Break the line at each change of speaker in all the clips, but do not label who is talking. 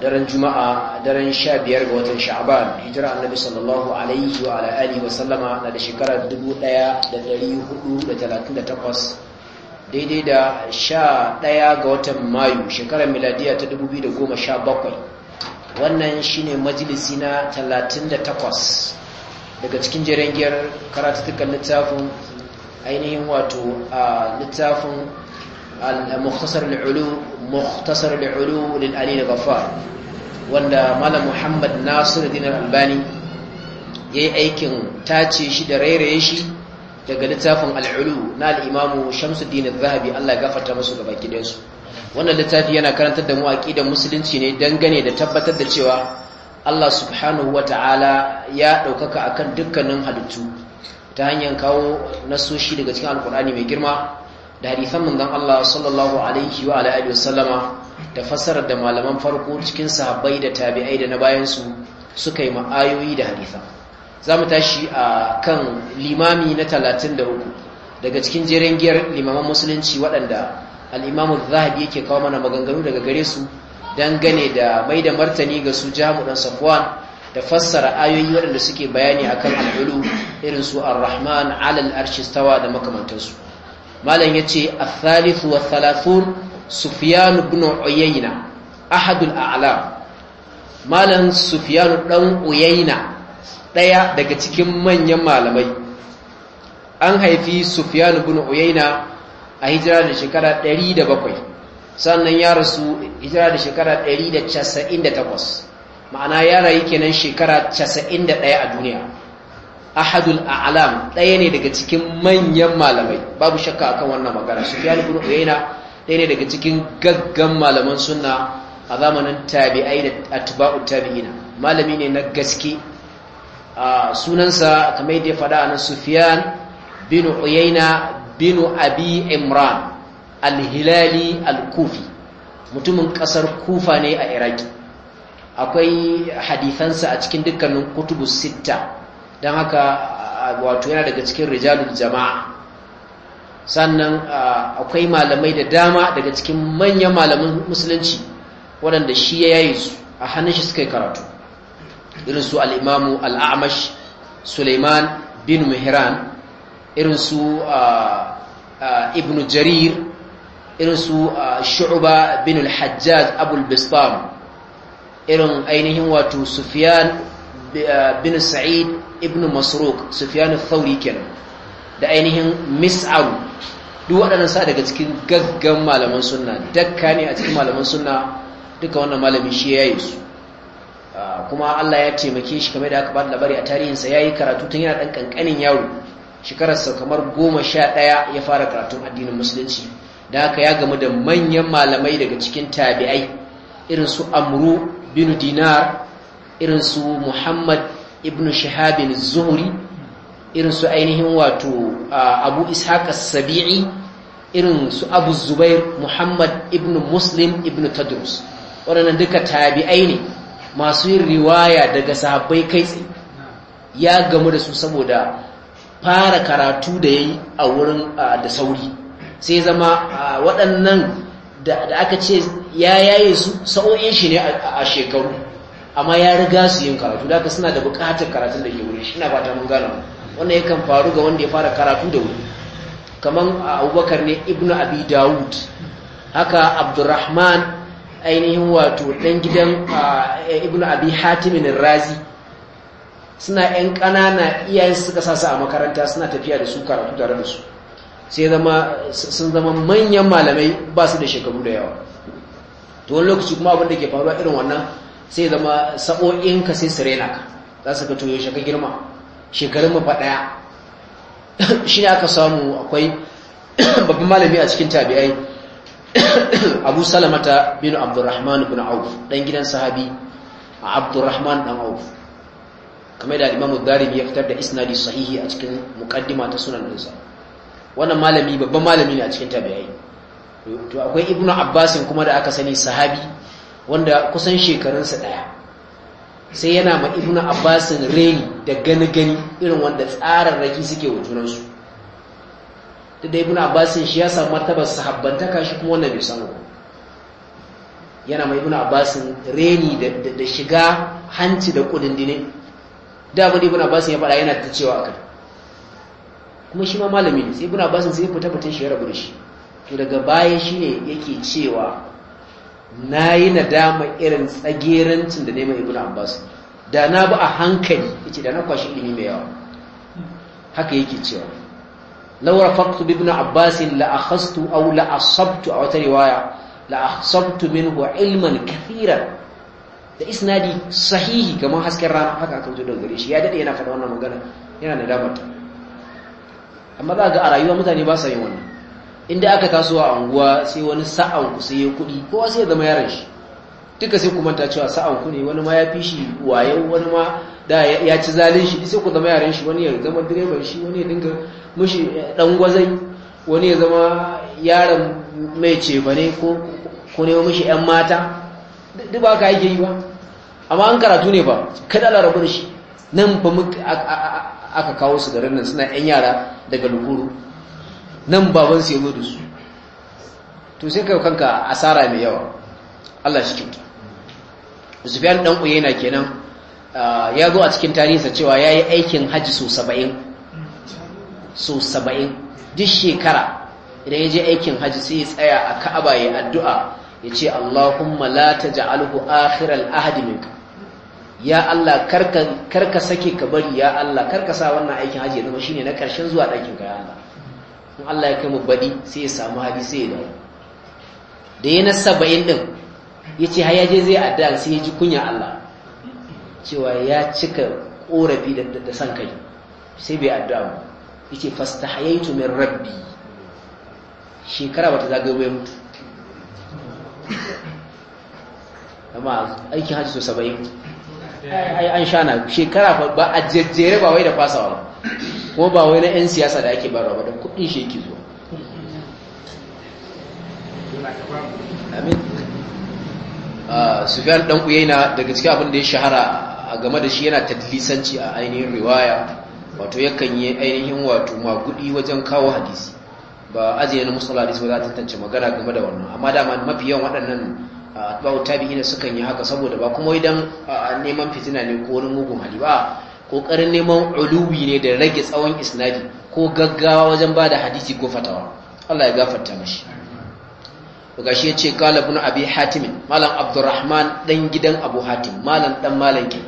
daren juma'a a daren sha biyar ga watan sha'aban hijira annabi sallallahu alaihi wa alihi wa sallama na da shekarar 1438 daidai da sha ga watan mayu shekarar miladiya ta 2017 wannan shine majalisi na 38 daga cikin jerengiyar karatuttukan littafin ainihin wato a littafin مختصر العلو مختصر wanda malam muhammad nasiru dinar albani ya yi aikin tace shi da rairaye shi daga littafin al'ulu na al'imamu shamsu dinar zahabi allah gafarta masu gaba gidansu wannan littafin yana karantar da musulunci ne dangane da tabbatar da cewa allah subhanahu wa ta'ala ya ɗaukaka akan dukkanin halittu ta hanyar kawo nasoshi daga cikin alkur'ani mai girma da hadisan manzon Allah sallallahu alaihi wa alihi wasallama da fassarar da malaman farko cikin sahabbai da tabi'ai da na bayan su suka yi ma'ayoyi da hadisa zamu tashi a kan limami na 33 daga cikin jeren giyar limaman musulunci waɗanda al-Imam zahabi yake kawo mana maganganu daga gare su dangane da mai da martani ga su Jamu dan Safwan da fassara ayoyi waɗanda suke bayani akan al-ulu irin su Ar-Rahman 'ala al-arshi da makamantansu malam ce a thalith wa thalathun sufiyanu ibn oyayina ahadul a'la malam Sufiyanu dan oyayina ɗaya daga cikin manyan malamai an haifi Sufiyanu bin oyayina a hijira da shekara 107 sannan ya rasu hijira da shekara 198 ma'ana ya rayu kenan shekara 91 a duniya ahadul a'lam ɗaya ne daga cikin manyan malamai babu shakka akan wannan magana sufyan ibn uyayna ɗaya ne daga cikin gaggan malaman sunna a zamanin tabi'ai da atba'u tabi'ina malami ne na gaske a sunansa kamar yadda ya faɗa na sufyan bin uyayna bin abi imran al-hilali al-kufi mutumin kasar kufa ne a iraki akwai hadifansa a cikin dukkanin kutubu sitta don haka wato yana daga cikin rijalul jama'a sannan akwai malamai da dama daga cikin manyan malaman musulunci waɗanda shi ya yayi su a hannun shi suka yi karatu irin su al'imamu al'amash suleiman bin mihran irin su ibn jarir irin su shu'uba bin al-hajjaj abul bistam irin ainihin wato Sufiyan. Eh, bin sa'id ibn masruq sufyan al-thawri kenan da ainihin mis'aru duk waɗannan sa daga cikin gaggan malaman sunna dakka ne a cikin malaman sunna duka wannan malami shi yayi su ah, kuma Allah ya taimake shi kamar da aka bada labari a tarihin sa yayi karatu tun yana dan kankanin yaro shekarar sa kamar 11 ya fara karatu addinin musulunci da haka ya gamu da manyan malamai daga cikin tabi'ai irin su Amru bin Dinar irin su muhammad ibn shahabin zuhuri irin su ainihin wato abu ishaq sabi'i irin su abu zubair muhammad ibn muslim ibn tadrus waɗannan duka tabi'ai ne masu yin riwaya daga sahabbai kai tsaye ya gamu da su saboda fara karatu da ya yi a wurin da sauri sai zama waɗannan da aka ce ya yaye su sa'o'in shi ne a shekaru amma ya riga su yin karatu da suna da bukatar karatun da ke wuri shi na fata mun gano wannan yakan faru ga wanda ya fara karatu da wuri kamar abubakar ne ibn abi dawud haka abdurrahman ainihin wato ɗan gidan ibn abi hatimin razi suna 'yan kanana iyayen suka sasa a makaranta suna tafiya da su karatu tare da su sai sun zama manyan malamai ba su da shekaru da yawa to wani lokaci kuma abin da ke faruwa irin wannan sai zama sa'o'in ka sai sirena ka za su ka tuyo shaka girma shekarun mafa daya shi ne aka samu akwai babban malami a cikin tabi'ai abu salamata bin abdurrahman bin auf dan gidan sahabi a abdurrahman dan auf kamar da imamu darimi ya fitar da isnadi sahihi a cikin mukaddima ta sunan nisa wannan malami babban malami ne a cikin tabi'ai to akwai ibnu abbasin kuma da aka sani sahabi wanda kusan shekarunsa ɗaya sai yana ma ibnu abbasin reni da gani gani irin wanda tsararraki suke wa junansu da da ibnu abbasin shi ya samu martabar sahabbantaka shi kuma wannan bai samu yana ma ibnu abbasin reni da shiga hanci da kudin dine da abin ibnu abbasin ya faɗa yana ta cewa akai kuma shi ma malami ne sai ibnu abbasin sai ya fita fita shi ya rabu da shi to daga baya shine yake cewa na yi nadama irin tsagerancin da neman ibn abbas da na bi a hankali yace da na kwashi ilimi mai yawa haka yake cewa laura faktu ibn abbas la akhastu aw la asabtu a wata riwaya la min minhu ilman kafiran da isnadi sahihi kamar hasken rana haka aka zo dangare shi ya dade yana faɗa wannan magana yana da nadama amma za ga a rayuwa mutane ba sa yin wannan inda aka taso a anguwa sai wani sa'an ku sai kuɗi kowa sai ya zama yaran shi duka sai ku manta cewa sa'an ku ne wani ma ya fi shi waye wani ma da ya ci zalin shi sai ku zama yaran shi wani ya zama direban shi wani ya dinga mushi dan gwazai wani ya zama yaron mai cefa ne ko ko ne mushi yan mata duk ba ka yake yi ba amma an karatu ne ba kada Allah rabu da shi nan mu aka kawo su garin nan suna yan yara daga lukuru nan babansu ya zo da su to sai kai kanka asara mai yawa Allah shi kyauta Sufyan dan Uyayna kenan ya zo a cikin tarihinsa cewa yayi aikin haji so 70 so 70 duk shekara idan ya je aikin haji sai ya tsaya a Ka'aba ya addu'a ya ce Allahumma la taj'alhu al-ahd minka ya Allah karka karka sake ka bari ya Allah karka sa wannan aikin haji ya zama shine na karshen zuwa ɗakin ka Allah in Allah ya kai mu baɗi sai ya samu hali sai ya dawo da ya na saba'in ɗin ya ce har yaje zai adda sai ya ji kunya Allah cewa ya cika ƙorafi da san kai sai bai adda ba ya ce fasta hayaitu min rabbi shekara bata zagayo ya mutu amma aikin hajji so saba'in an shana shekara ba a jejjere ba wai da fasawa ba Ko ba wai na 'yan siyasa da ake barawa da kudin shi yake zuwa ah, sufyan dan uyaina daga cikin abin da ya shahara a game da shi yana tadlisanci a ainihin riwaya wato yakan yi ainihin wato magudi wajen kawo hadisi ba ajiye na musul hadisi ba za ta tantance magana game da wannan amma dama mafi yawan waɗannan ah, biyu tabi'ina sukan yi haka saboda ba kuma idan ah, neman fitina ne ko wani mugun hali ba ƙoƙarin neman uluwi ne da rage tsawon isnadi ko gaggawa wajen ba da hadisi ko fatawa Allah ya gafarta mashi ga shi ya ce kala bin abi hatimin malam abdurrahman dan gidan abu hatim malam dan malam ke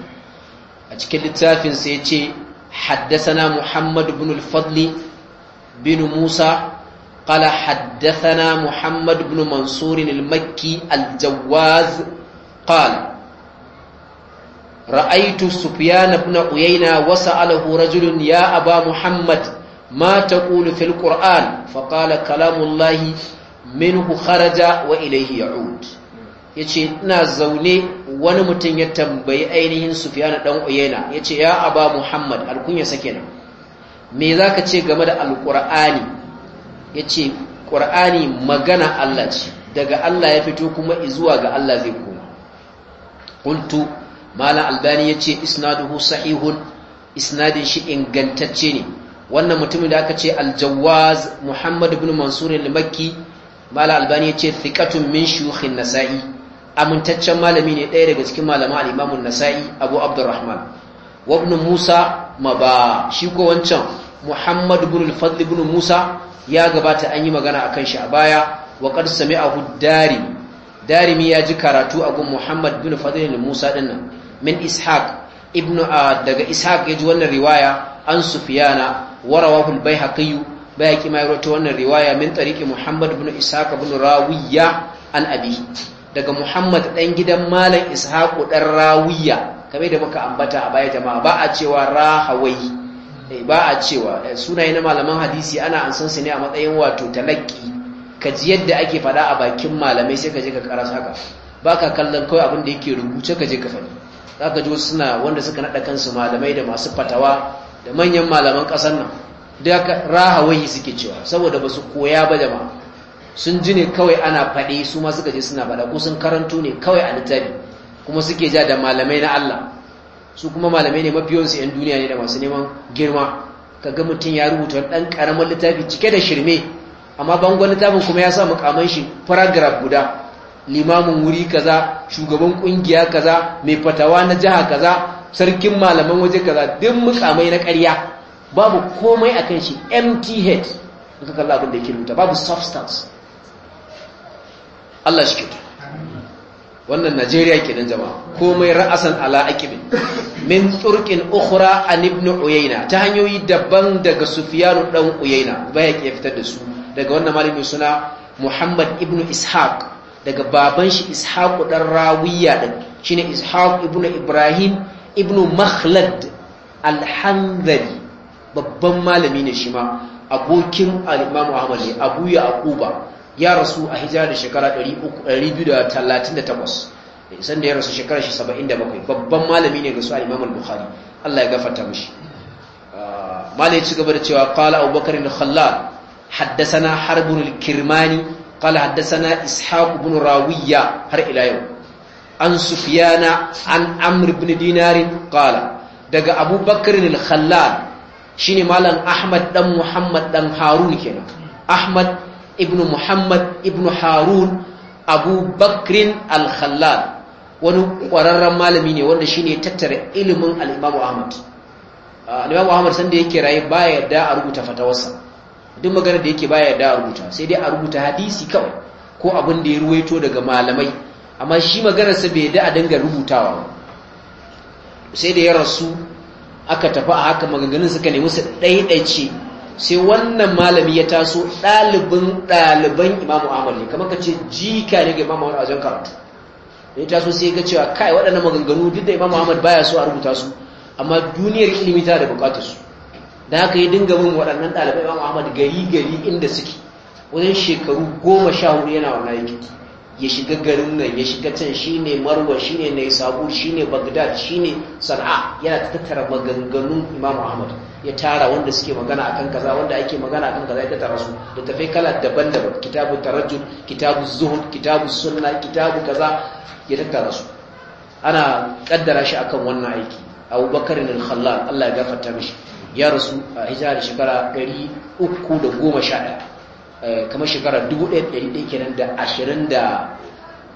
a cikin littafin ya ce haddasana muhammad bin al bin musa kala haddasana muhammad bin mansurin al-makki al-jawaz qala ra'aitu sufyana ibn uyayna wa sa'alahu rajulun ya aba muhammad ma taqulu fil qur'an fa qala kalamullahi minhu kharaja wa ilayhi ya'ud yace ina zaune wani mutum ya tambayi ainihin sufyan dan uyayna yace ya aba muhammad alkunya na? me zaka ce game da alqur'ani yace qur'ani magana Allah ce daga Allah ya fito kuma izuwa ga Allah zai koma qultu malam albani ya ce isnaduhu sahihun isnadin shi ingantacce ne wannan mutumin da aka ce aljawaz muhammad ibn mansur al-makki malam albani ya ce thiqatun min shuyukhin nasa'i amintaccen malami ne ɗaya daga cikin malaman al-imam nasai abu abdurrahman wa ibn musa maba shi ko wancan muhammad ibn al-fadl musa ya gabata an yi magana akan shi a baya wa qad sami'ahu dari darimi ya ji karatu a gun muhammad ibn fadl ibn musa dinnan min ishaq ibnu ah, daga ishaq yaji wannan riwaya an sufyana wa rawahu al-baihaqi bayaki ma yarwato wannan riwaya min بن muhammad ibn ishaq ibn rawiya an daga muhammad ɗan gidan malam ishaq dan rawiya kamar da muka ambata a baya jama'a ba a cewa rahawai eh, ba a cewa eh, sunaye na malaman hadisi ana an su ne a matsayin wato talaki ka ji yadda ake faɗa a bakin malamai sai ka je ka karasa haka ba ka kallon kawai abin da yake rubuce ka je ka faɗi za ka ji suna wanda suka naɗa kansu malamai da masu fatawa da manyan malaman ƙasar nan da wai suke cewa saboda ba su koya ba jama'a sun ji ne kawai ana faɗi su ma suka je suna faɗa ko sun karantu ne kawai a littafi kuma suke ja da malamai na Allah su kuma malamai ne mafiyansu 'yan duniya ne da masu neman girma ka ga mutum ya rubuta ɗan ƙaramin littafi cike da shirme amma bangon littafin kuma ya sa mukaman shi paragraf guda limamin wuri kaza shugaban kungiya kaza mai fatawa na jiha kaza sarkin malaman waje kaza duk mukamai na ƙarya babu komai a kan shi empty head in kalla abin da yake rubuta babu substance Allah shi kyauta wannan Najeriya ke nan jama'a komai ra'asan ala akibin min turqin ukhra an ibn uyayna ta hanyoyi daban daga sufiyanu dan Uyaina, baya ke fitar da su daga wannan malamin suna Muhammad ibnu Ishaq daga baban shi ishaq dan rawiya din shine ishaq ibnu ibrahim ibnu makhlad al-hanbali babban malami ne shi ma abokin al-imam ahmad ne abu yaquba ya rasu a hijira da shekara 238 san da ya rasu shekara shi 77 babban malami ne ga su al-imam al-bukhari Allah ya gafarta mishi ah, malai ci gaba da cewa qala abubakar al-khallal haddathana harbun al-kirmani قال حدثنا إسحاق بن راوية هر إلى يوم عن سفيان عن عمرو بن دينار قال دقى أبو بكر الخلال شيني مالا أحمد دم محمد دم هارون كنا أحمد ابن محمد ابن هارون أبو بكر الخلال wani ƙwararren malami ne wanda shine tattara ilimin al'imamu ahmad al'imamu ahmad sanda yake raye ba ya da a duk maganar da yake baya da rubuta sai dai a rubuta hadisi kawai ko abin da ya ruwaito daga malamai amma shi maganarsa bai da a dinga rubutawa ba sai da ya rasu aka tafi a haka maganganun suka nemi su ɗaiɗaice sai wannan malami ya taso ɗalibin ɗaliban imamu ahmad ne kamar ka ce jika ne ga imamu ahmad a wajen karatu ya taso sai ga cewa kai waɗannan maganganu duk da Imam ahmad baya so a rubuta su amma duniyar ilimi ta da bukatar su da haka yi dinga bin waɗannan ɗalibai ba muhammadu gari gari inda suke wajen shekaru goma sha hudu yana wannan aiki ya shiga garin nan ya shiga can shi ne marwa shi ne isabu shi ne bagdad shi ne sana'a yana tattara maganganun imam ahmad ya tara wanda suke magana akan kaza wanda ake magana akan kaza ya tattara su da tafe kala daban-daban kitabu tarajjud kitabu zuhud kitabu sunna kitabu kaza ya tattara su ana kaddara shi akan wannan aiki abubakar al-khallal Allah ya gafarta mishi ya rasu a hijira da shekara 311 eh, kamar shekara 1100 kenan da 27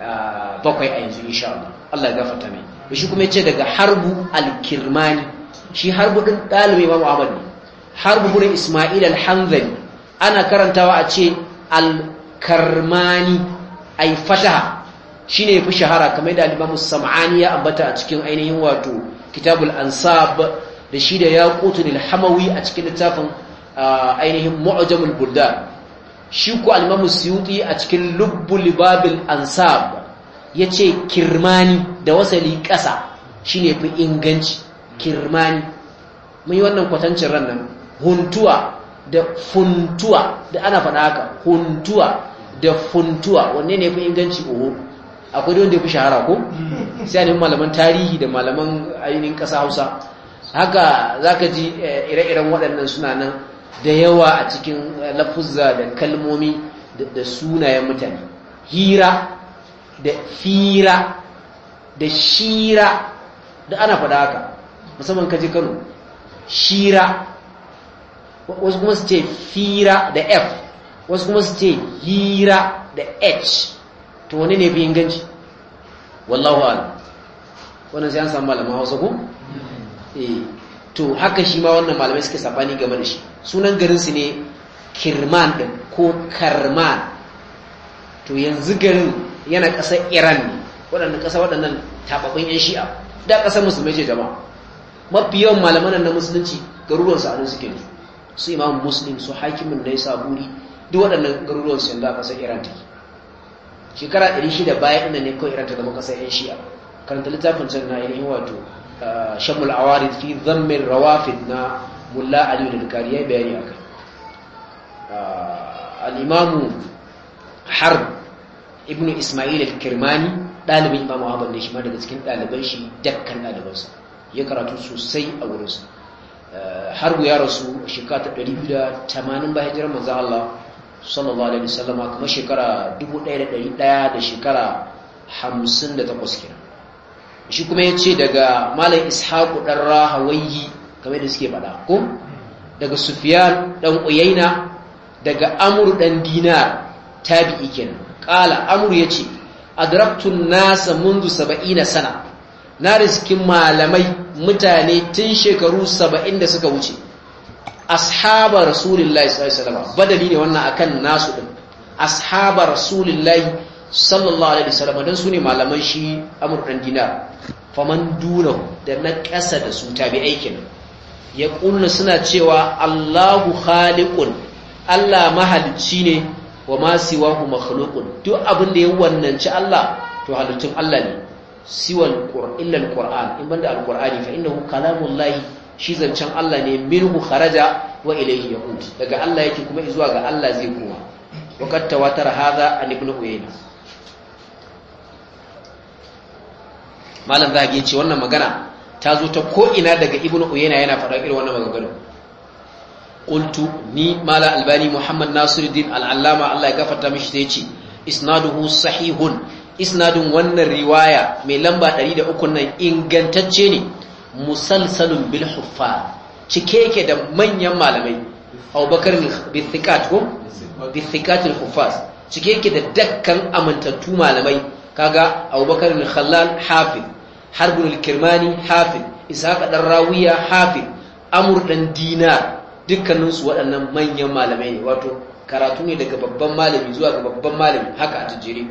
ah, a yanzu insha Allah Allah ya gafarta mai shi kuma ce daga harbu al-kirmani shi harbu din dalibi ba Ahmad ne harbu bin Isma'il al-Hanzali ana karantawa a ce al-karmani ay fataha shine fi shahara kamar da al Sam'ani ya ambata a cikin ainihin wato Kitabul Ansab da shi da kutu al-hamawi a cikin littafin ainihin mu'jamul buldan shi ku almamu a cikin lubbu babil ansab ya ce kirmani da wasali ƙasa ne fi inganci kirmani mun yi wannan kwatancin ran nan huntuwa da funtuwa da ana faɗa haka huntuwa da funtuwa wanne ne fi inganci oho akwai wanda ya fi shahara ko sai ne malaman tarihi da malaman ainihin ƙasa hausa haka za ka ji eh, ire-iren waɗannan suna nan da yawa a cikin eh, lafuzza da kalmomi da sunayen mutane hira da fira da shira da ana faɗa haka musamman kaji kano shira wasu kuma su ce fira da f wasu kuma su ce hira da h to wani ne fi inganci wallahu ala wannan sai an samu malaman hausa ku? Eh, to haka shi ma wannan malamai suke sabani game da shi sunan garinsu ne kirman din ko karman to yanzu garin yana ƙasar iran ne waɗannan ƙasa waɗannan taɓaɓɓun 'yan shi'a da ƙasar musulmai ce jama'a mafi yawan malaman na musulunci garuruwan a anu suke ne su imam muslim su hakimin na yasa buri duk waɗannan garuruwan su yanzu a ƙasar iran take shekara 600 bayan inda ne kawai iran ta zama ƙasar 'yan shi'a karanta littafin can na ainihin wato آه، شم العوارض في ضم الروافدنا ملا علي الكاريه بيانك آه، الامام حرب ابن اسماعيل الكرماني طالب امام ابو بن هشام ده سكن طالبان شي دكان طالبان يا كراتو سوسي اورس آه، حرب يا رسول شكات 280 بهجره من زال الله صلى الله عليه وسلم كما شكرا 1100 ده شكرا 58 كسكن shi kuma ya ce daga malam ishaku ɗan rahawayi kamar da suke faɗa ko daga sufiyan ɗan uyaina daga amur ɗan dinar bi kenan ƙala amur ya ce adraptun nasa mundu saba'i na sana na riskin malamai mutane tun shekaru saba'in da suka wuce Ashabar rasulillahi sallallahu alaihi wasallam badali ne wannan akan nasu din ashaba rasulullahi sallallahu alaihi wasallam dan sune malaman shi amr dan dinar faman duna da na kasa da su tabi'ai aikin ya kunna suna cewa Allahu khaliqun Allah mahalicci ne wa ma siwahu makhluqun duk abin da ya wannanci Allah to halittun Allah ne siwan illa alquran in banda alqurani fa innahu kalamullahi shi zancen Allah ne minhu kharaja wa ilayhi yahud daga Allah yake kuma zuwa ga Allah zai koma وقد تواتر هذا عن ابن عيينة malam za a ce wannan magana ta zo ta ko'ina daga ibnu uyena yana faɗa irin wannan maganganu ƙuntu ni mala albani muhammad nasiruddin al'allama Allah ya gafata mishi sai ce isnaduhu sahihun isnadun wannan riwaya mai lamba 300 nan ingantacce ne musalsalun bil cike yake da manyan malamai abubakar bithikat ko bithikatul hufas. cike yake da dakkan amintattu malamai kaga abubakar khallal hafiz harbul kirmani hafin isaka dan rawiya hafin amur dan dinar dukkaninsu waɗannan manyan malamai ne wato karatu ne daga babban malami zuwa ga babban malami haka a tajiri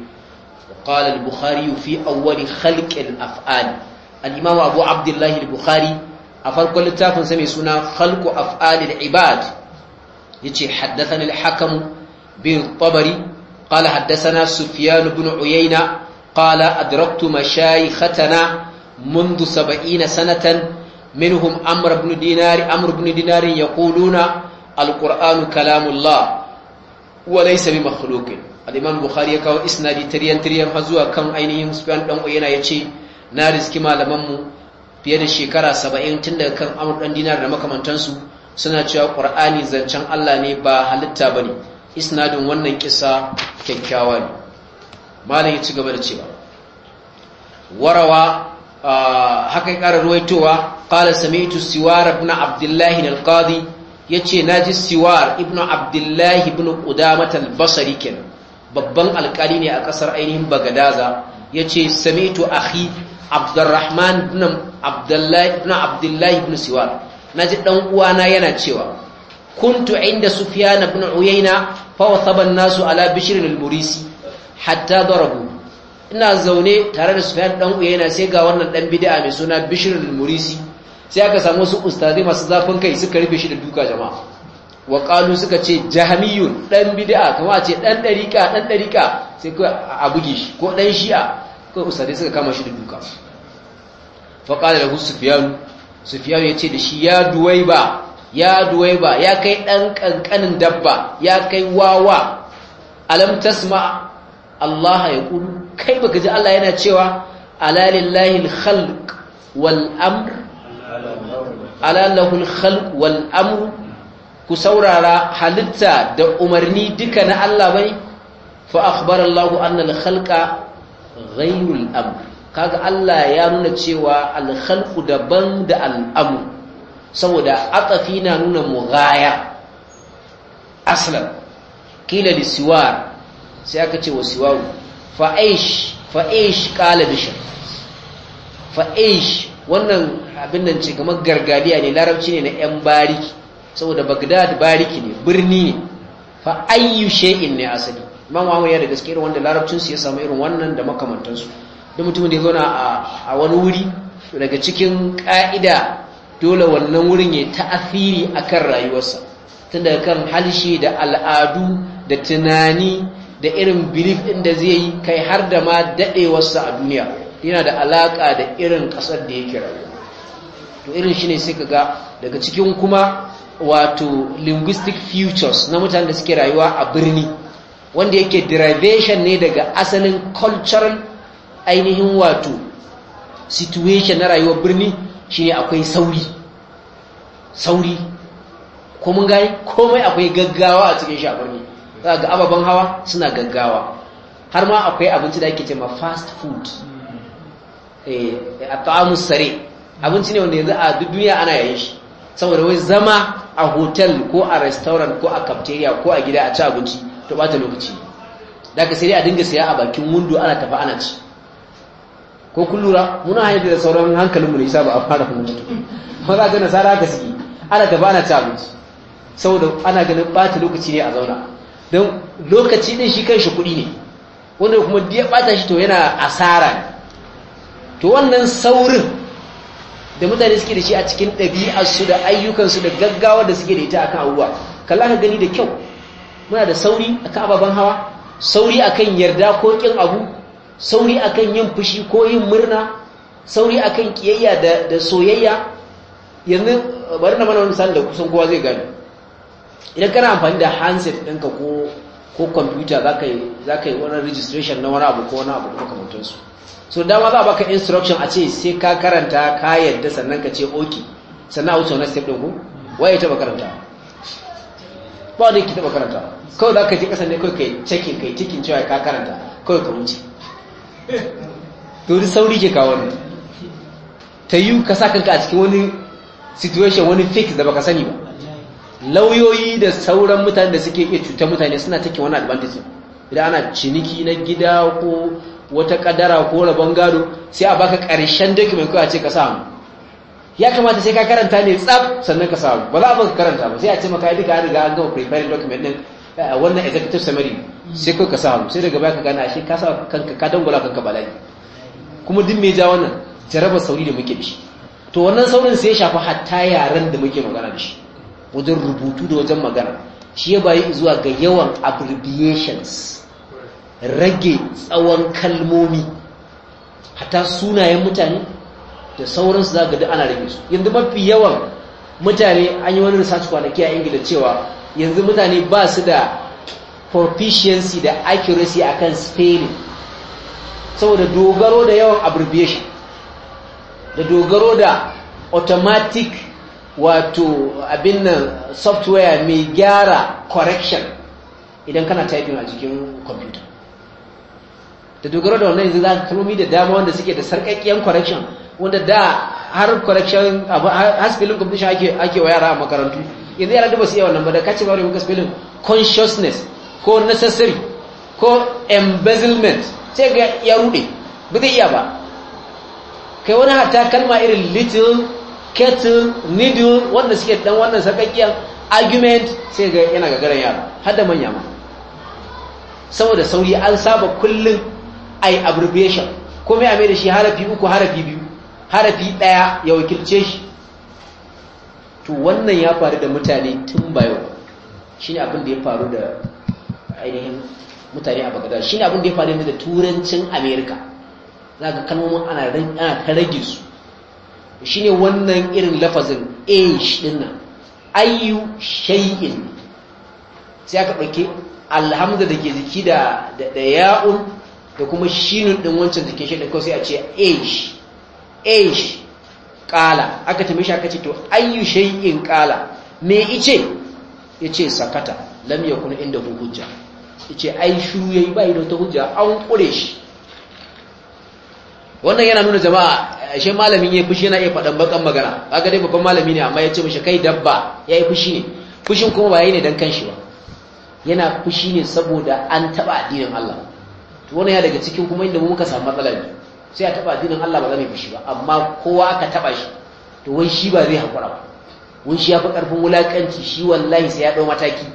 qala al fi awwal khalq af'ali afal al-imam abu Abdullahi bukhari a farkon littafin sa mai suna khalq af'ali al-ibad yace haddathana hakam bin tabari qala haddathana sufiyanu bin uyaina qala adraktu khatana. منذ سبعين سنة منهم أمر بن دينار أمر بن دينار يقولون القرآن كلام الله وليس بمخلوق الإمام البخاري كاو إسنادي تريان تريان هزوا كم أينهم سبحان دم وينا يشي نارس كما لممو fiye da shekara saba'in tun daga kan amur dinar da makamantansu suna cewa ƙur'ani zancen Allah ne ba halitta ba ne isnadin wannan kisa kyakkyawa ne malam ya ci gaba da cewa warawa haka ya ƙara ruwaitowa ƙala sami'tu siwar ibn abdullahi al-qadi yace naji siwar ibn abdullahi ibn qudamah al-basri kenan babban alƙali ne a ƙasar ainihin bagadaza yace sami'tu akhi abdurrahman ibn abdullahi ibn abdullahi ibn siwar naji dan uwana yana cewa kuntu inda sufyan ibn uyayna fa wasaba an-nasu ala bishr al-murisi hatta darabu ina zaune tare da Sufyan dan yana sai ga wannan dan bid'a mai suna Bishr al-Murisi sai aka samu su ustazi masu zafin kai suka rufe shi da duka jama'a wa qalu suka ce jahamiyun dan bid'a kuma ce dan dariqa dan dariqa sai ko a bugi shi ko dan shi'a ko ustazi suka kama shi da duka fa qala lahu Sufyan Sufyan yace da shi ya duwaiba ya duwaiba ya kai dan kankanin dabba ya kai wawa alam tasma Allah ya kulu kai baka ji Allah yana cewa ala lillahi khalq wal amr ala khalq wal amr ku saurara halitta da umarni duka na Allah bai fa akhbara Allah anna al-khalqa ghayru amr kaga Allah ya nuna cewa al-khalqu daban da al-amr saboda atafi na nuna mughaya aslan kila lisiwar sai aka ce wa siwaru fa'ish fa'ish ƙala bishr fa'ish wannan abin nan ce kamar gargadiya ne larabci ne na yan bariki saboda bagdad bariki ne birni ne fa ayyu shay'in ne asali imam Muhammad ya da gaske irin wanda larabcin su ya samu irin wannan da makamantansu duk mutum da ya zauna a wani wuri daga cikin ƙa'ida, dole wannan wurin ya ta'afiri akan rayuwarsa tun daga kan halshe da al'adu da tunani da irin belief din da zai yi kai har da ma dadewarsa a duniya yana da alaka da irin kasar da yake rayuwa to irin shine sai ka ga daga cikin kuma wato linguistic futures na mutanen da suke rayuwa a birni wanda yake derivation ne daga asalin cultural ainihin wato situation na rayuwar birni shine akwai sauri sauri ko mun gani komai akwai gaggawa a cikin shi a birni za ga ababen hawa suna gaggawa har ma akwai abinci da ake ce ma fast food eh, a ta'amus sare abinci ne wanda yanzu a duk duniya ana yayin shi saboda wai zama a hotel ko a restaurant ko a cafeteria ko a gida a ci abinci to ba ta lokaci da ka sai a dinga siya a bakin windo ana tafi ana ci ko kun lura muna hanyar da sauran hankalinmu ne isa ba a fara kuma ba za ga nasara ka suke ana tafi ana ci abinci saboda ana ganin ta lokaci ne a zauna don lokaci ɗin shi kanshi kuɗi ne wanda kuma ya ɓata shi to yana asara ne to wannan saurin da mutane suke da shi a cikin ɗabi'arsu da ayyukansu da gaggawa da suke da ita akan abubuwa kalla ka gani da kyau muna da sauri akan ababen hawa sauri akan yarda ko kin abu sauri akan yin fushi ko yin murna sauri akan kiyayya da soyayya yanzu bari na mana wani sani da kusan kowa zai gani idan kana amfani da handset ɗinka ko ko kwamfuta za ka yi wani registration na wani abu ko wani abu kuma su. so dama za a baka instruction a ce sai ka karanta ka yadda sannan ka ce ok sannan a wuce wani step ɗinku waye taɓa karanta ba wani ki taɓa karanta kawai za ka je ƙasa ne kawai ka yi cikin ka yi cikin cewa ka karanta kawai ka wuce to sauri ke kawo ne ta yi ka sa kanka a cikin wani situation wani fix da baka sani ba lauyoyi da sauran mutane da suke iya cutar mutane suna take wani advantage idan ana ciniki na gida ko wata kadara ko rabon gado sai a baka karshen document ko a ce ka samu ya kamata sai ka karanta ne tsaf sannan ka samu ba za a baka karanta ba sai a ce maka ya duka an riga an gama preparing document din wannan executive summary sai kai ka samu sai daga baya ka gana shi ka sa kanka ka dangula kanka bala'i kuma duk me ja wannan jarabar sauri da muke da shi to wannan saurin sai ya shafi hatta yaran da muke magana da shi wajen rubutu da wajen magana shi ya bayi zuwa ga yawan abbreviations rage tsawon kalmomi hata sunayen mutane da sauransu za ga duk ana rage su yanzu mafi yawan mutane an yi wani research kwanaki a ingila cewa yanzu mutane ba su da proficiency da accuracy kan spelling saboda dogaro da yawan abbreviation da dogaro da automatic wato abin nan software mai gyara correction idan kana typing a jikin computer da dogaro da wannan yanzu za ka kalomi da dama wanda suke da sarkakkiyar correction wanda da har correction har spelling competition ake ake wa yara a makarantu yanzu yara da su iya wannan ba da kace bari muka spelling consciousness ko necessary ko embezzlement sai ga ya rude ba zai iya ba kai wani hatta kalma irin little kettle needle wanda suke dan wannan sakakkiyar argument sai ga yana gagaran yara har da manya ma saboda sauri an saba kullum ai abbreviation komai a mai da shi harafi uku harafi biyu harafi daya ya wakilce shi to wannan ya faru da mutane tun bayo shine abin da ya faru da ainihin mutane a bagadar shine abin da ya faru da turancin america ka kalmomin ana ana ta rage su shi ne wannan irin lafazin a shi dinna ayu shay'in sai aka ɗauke Alhamdu da ke jiki da ya'un da kuma shinun ɗin wancan jikin shi kawai sai a ce a shi ƙala aka tambaye shi aka ce to ayyu shay'in ƙala me ice ya ce sakata lam kuna inda hujja ya ce ai shiru yayi bai da wata hujja an ƙure shi wannan yana nuna jama'a shi malamin yayi fushi yana iya faɗan bakan magana kaga dai babban malami ne amma ya ce mishi kai dabba yayi fushi ne fushin kuma ba yayi ne dan kanshi ba yana fushi ne saboda an taba addinin Allah to wannan ya daga cikin kuma inda mu muka samu matsala ne sai a taba addinin Allah ba zai fushi ba amma kowa aka taba shi to wai shi ba zai hakura ba wai shi yafi karfin wulakanci shi wallahi sai ya dau mataki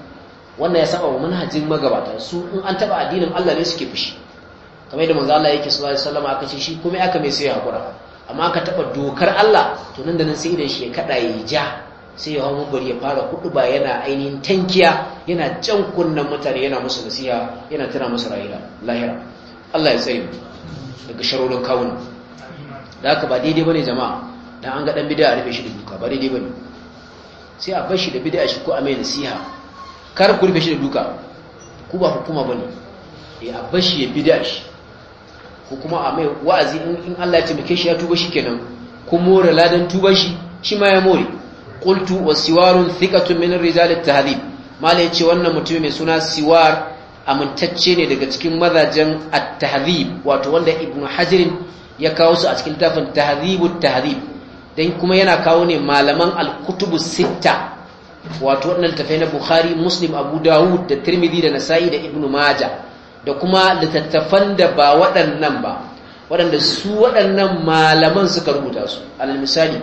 wannan ya saba wa manhajin magabata su in an taba addinin Allah ne suke fushi kamar da manzo Allah yake sallallahu alaihi wasallam aka ce shi kuma aka mai sai hakura amma aka taba dokar Allah to nan da nan sai idan shi ya kada ya ja sai ya hawo mubari ya fara kudu ba yana ainihin tankiya yana jan kunnan mutane yana musu nasiha yana tana musu rayuwa lahira Allah ya tsaye daga sharorin kawuna da haka ba daidai bane jama'a dan an ga dan bid'a rufe shi da duka ba daidai bane sai a bar shi da bid'a shi ko a mai nasiha kar ku rufe shi da duka ku ba hukuma bane eh a bar shi ya bid'a shi ko kuma a mai wa'azi in Allah ya taimake shi ya tuba shi kenan ko more ladan tuba shi shi ma ya more qultu wasiwarun thiqatun min rijal at-tahdhib malai ce wannan mutum mai suna siwar amintacce ne daga cikin mazajen at-tahdhib wato wanda ibnu hajar ya kawo su a cikin tafin tahdhibut tahdhib dan kuma yana kawo ne malaman al-kutubu sitta wato wannan tafai na bukhari muslim abu Da'ud da tirmidhi da nasa'i da ibnu majah da kuma littattafan da ba waɗannan ba waɗanda su waɗannan malaman suka rubuta su alal misali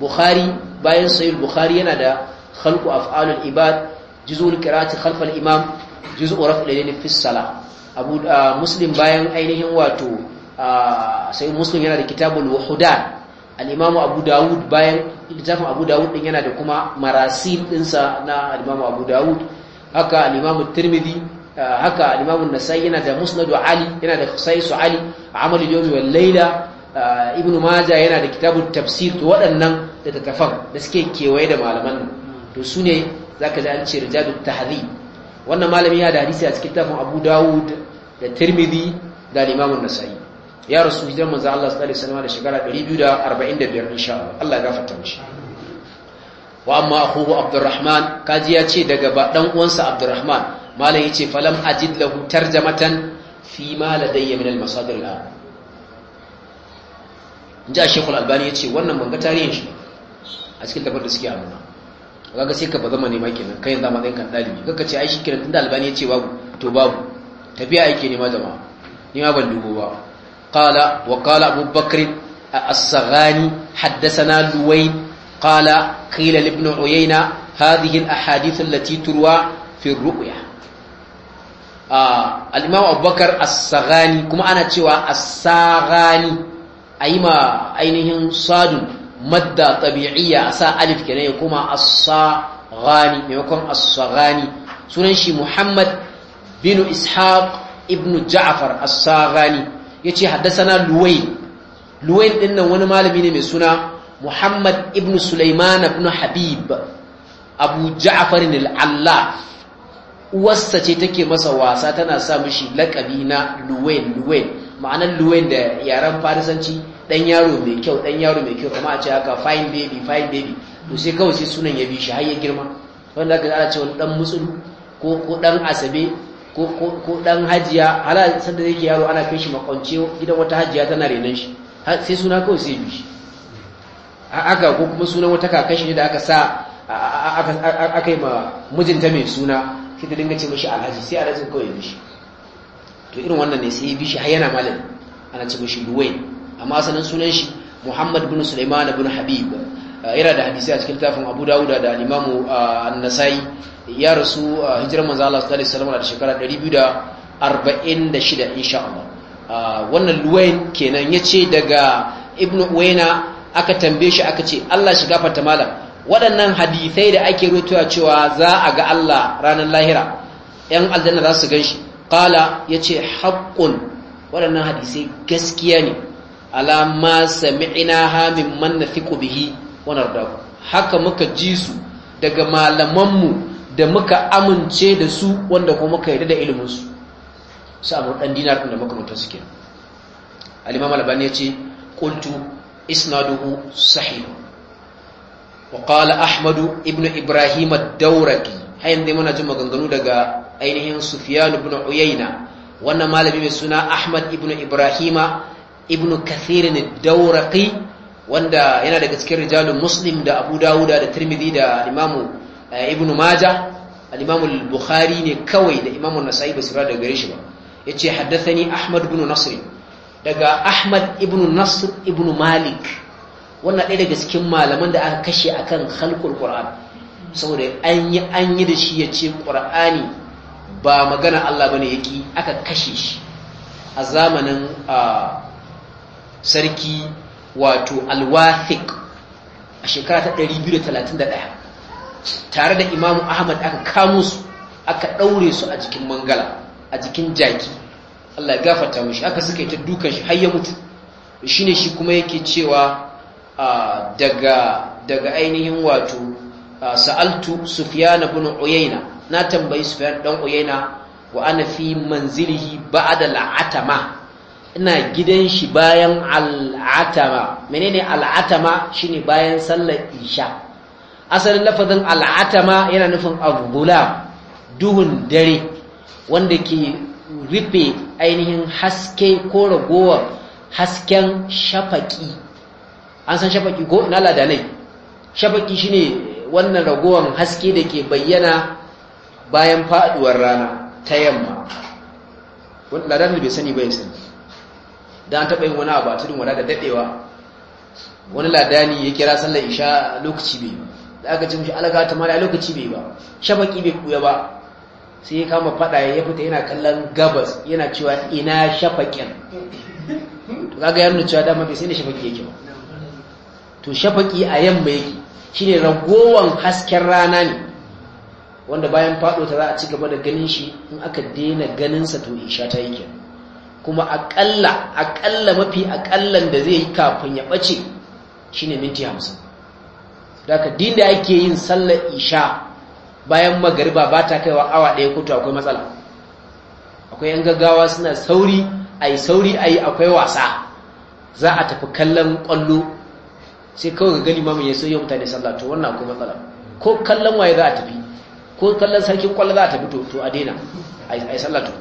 bukhari bayan sahih bukhari yana da khalqu af'alul ibad juz'ul qira'ati khalfal imam juz'u raf'il fi salah abu ah, muslim bayan ainihin wato ah, sai muslim yana da kitabul wuhudan al-imam abu da'ud bayan littafin abu da'ud din yana da kuma marasil dinsa na al-imam abu da'ud haka al-imam at-tirmidhi Eh, haka Limamin imam nasai yana da Musnad Ali yana da Sahih Ali Amal al-Yawm wal eh, Ibn Majah yana da kitabun Tafsir to waɗannan da tattafan da suke kewaye da malaman to sune zaka ji an ce rijalut tahdhib wannan malami ya da hadisi a cikin tafin Abu Dawud da Tirmidhi da al-Imam nasai ya rasu hijiran manzo Allah sallallahu alaihi wasallam da shekara 245 insha Allah ya gafarta mishi wa amma akhuhu Abdurrahman kaji ya ce daga ba dan uwansa Abdurrahman malam yace falam ajid lahu tarjamatan fi ma ladayya min al-masadir al-am inja shekul albani yace wannan ban ga tarihin shi a cikin tabar da suke amana kaga sai ka ba zama nema kenan kai yanzu ma kai kan dalibi kaga ce ai shi kenan tunda albani yace babu to babu tafiya aiki ne ma jama'a ni ma ban dubo ba qala wa qala abubakr as-saghani haddathana luwayn qala qila li ibn uyayna hadhihi al-ahadith allati turwa fi ar-ru'ya al-imam abubakar as-saghani kuma ana cewa as a yi ma ainihin sadun madda tabi'iyya a sa alif kenan ya kuma as-saghani maimakon as-saghani sunan shi muhammad bin ishaq ibn ja'far as-saghani yace ce luwayn luwai luwai nan wani malami ne mai suna muhammad ibn sulaiman ibn habib abu ja'far al-allaf wasta ce take masa wasa tana sa mishi lakabi na luwen luwen ma'anar luwen da yaren farisanci dan yaro mai kyau dan yaro mai kyau kuma a ce haka fine baby fine baby to sai kawai sai sunan ya bi shi har ya girma wanda aka ana cewa dan musulu ko ko dan asabe ko ko dan hajiya hala sanda yake yaro ana kai shi makwance gidan wata hajiya tana renan shi sai suna kawai sai bi shi haka ko kuma sunan wata kakashi ne da aka sa aka yi ma mijinta mai suna sai ta dinga ce mishi alhaji sai alhaji kawai ya bishi to irin wannan ne sai ya bishi har yana malami ana ce mishi luwain amma sanan sunan shi muhammad bin sulaiman bin habib ah, yana da hadisi a cikin tafin abu dawuda da alimamu ah, An-Nasai, ya rasu ah, hijirar manzo Allah sallallahu alaihi wasallam da shekara 246 insha Allah wannan luwain kenan yace daga ibnu uwaina aka tambaye shi aka ce Allah shiga gafarta malam waɗannan hadisai da ake rutuwa cewa za a ga Allah ranar lahira ‘yan aljanna za su gan shi ƙala ya ce haƙƙun waɗannan hadisai gaskiya ne alama sami ina hamin man na fi bihi wani ardaku haka muka ji su daga malamanmu da muka amince da su wanda kuma muka yarda da iliminsu su amur ɗan dinar ɗin da muka su ke al'imam albani ya ce ƙuntu isnaduhu sahihu wa ahmadu ibn ibrahim ad-dawraqi hayan dai muna jin maganganu daga ainihin sufyan ibn uyayna wannan malami mai suna ahmad ibn ibrahima ibn kathir ad wanda yana daga cikin rijalun muslim da abu dawuda da tirmidhi da imamu eh, ibn Maja al-imamu bukhari ne kawai da imamu nasa'i basira daga gare shi ba yace haddathani ahmad ibn Nasir daga ahmad ibn Nasir ibn malik wannan ɗaya daga cikin malaman da aka kashe kan halkul ƙura'an saboda an yi an yi da shi ya ce ƙura'ani ba magana Allah bane yaki aka kashe shi a zamanin sarki wato alwathik a shekara ta 231 tare da imamu ahmad aka kamo su aka ɗaure su a jikin mangala a jikin jaki Allah ya gafarta mushi aka suka yi ta dukan shi har ya mutu shine shi kuma yake cewa daga daga ainihin wato sa'altu Sufiyana bin uyayna na tambayi sufyan ɗan uyayna wa ana fi manzilihi da la'atama, ina gidan shi bayan al'atama menene al'atama shi ne bayan sallar isha asalin lafazin al'atama yana nufin abgula duhun dare wanda ke rufe ainihin haske ko ragowar hasken shafaƙi. an san shafaki ko na ladanai shafaki shine wannan ragowar haske da ke bayyana bayan faduwar rana ta yamma ladan da bai sani bai sani don taɓa yin wani abu a tudun wada da dadewa wani ladani ya kira sallar isha lokaci bai da aka ce mishi alaga ta mara lokaci bai ba shafaki bai kuya ba sai ya kama fada ya fita yana kallon gabas yana cewa ina shafakin to kaga yarnu cewa dama bai sai ne shafaki yake ba to shafaki a yamma yake shine ragowan hasken rana ne wanda bayan fado ta za a ci gaba da ganin shi in aka daina ganin sa to isha ta yake kuma akalla akalla mafi akallan da zai yi kafin ya bace shine minti 50 daga din da ake yin sallar isha bayan magariba ba ta kaiwa awa ɗaya to akwai matsala akwai yan gaggawa suna sauri ai sauri ai akwai wasa za a tafi kallon kwallo sai kawai ga gani mamaye sai yau mutane sallah to wannan akwai matsala ko kallon waye za a tafi ko kallon sarkin kwallo za a tafi to to a daina a yi sallah to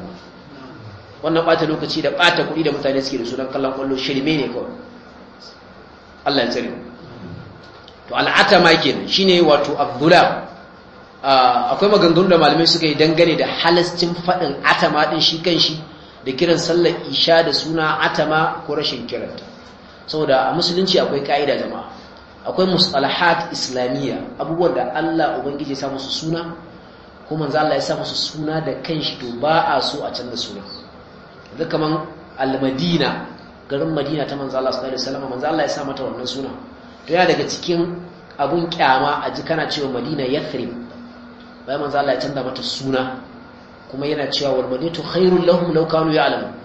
wannan bata lokaci da bata kuɗi da mutane suke da su don kallon kwallo shirme ne kawai Allah ya tsare to al'atama shi shine wato abdula akwai maganganu da malamai suka yi dangane da halascin faɗin atama ɗin shi kan shi da kiran sallar isha da suna atama ko rashin kiranta saboda a musulunci akwai ka'ida jama'a akwai mustalahat islamiyya abubuwan da Allah ubangiji ya sa musu suna ko manzo Allah ya sa musu suna da kanshi to ba a so a canza suna yanzu kaman al-Madina garin Madina ta manzo Allah sallallahu alaihi wasallam manzo Allah ya sa mata wannan suna to ya daga cikin abun kyama a ji kana cewa Madina Yathrib bai manzo Allah ya canza mata suna kuma yana cewa wal madinatu khairul lahum law kanu ya'lamun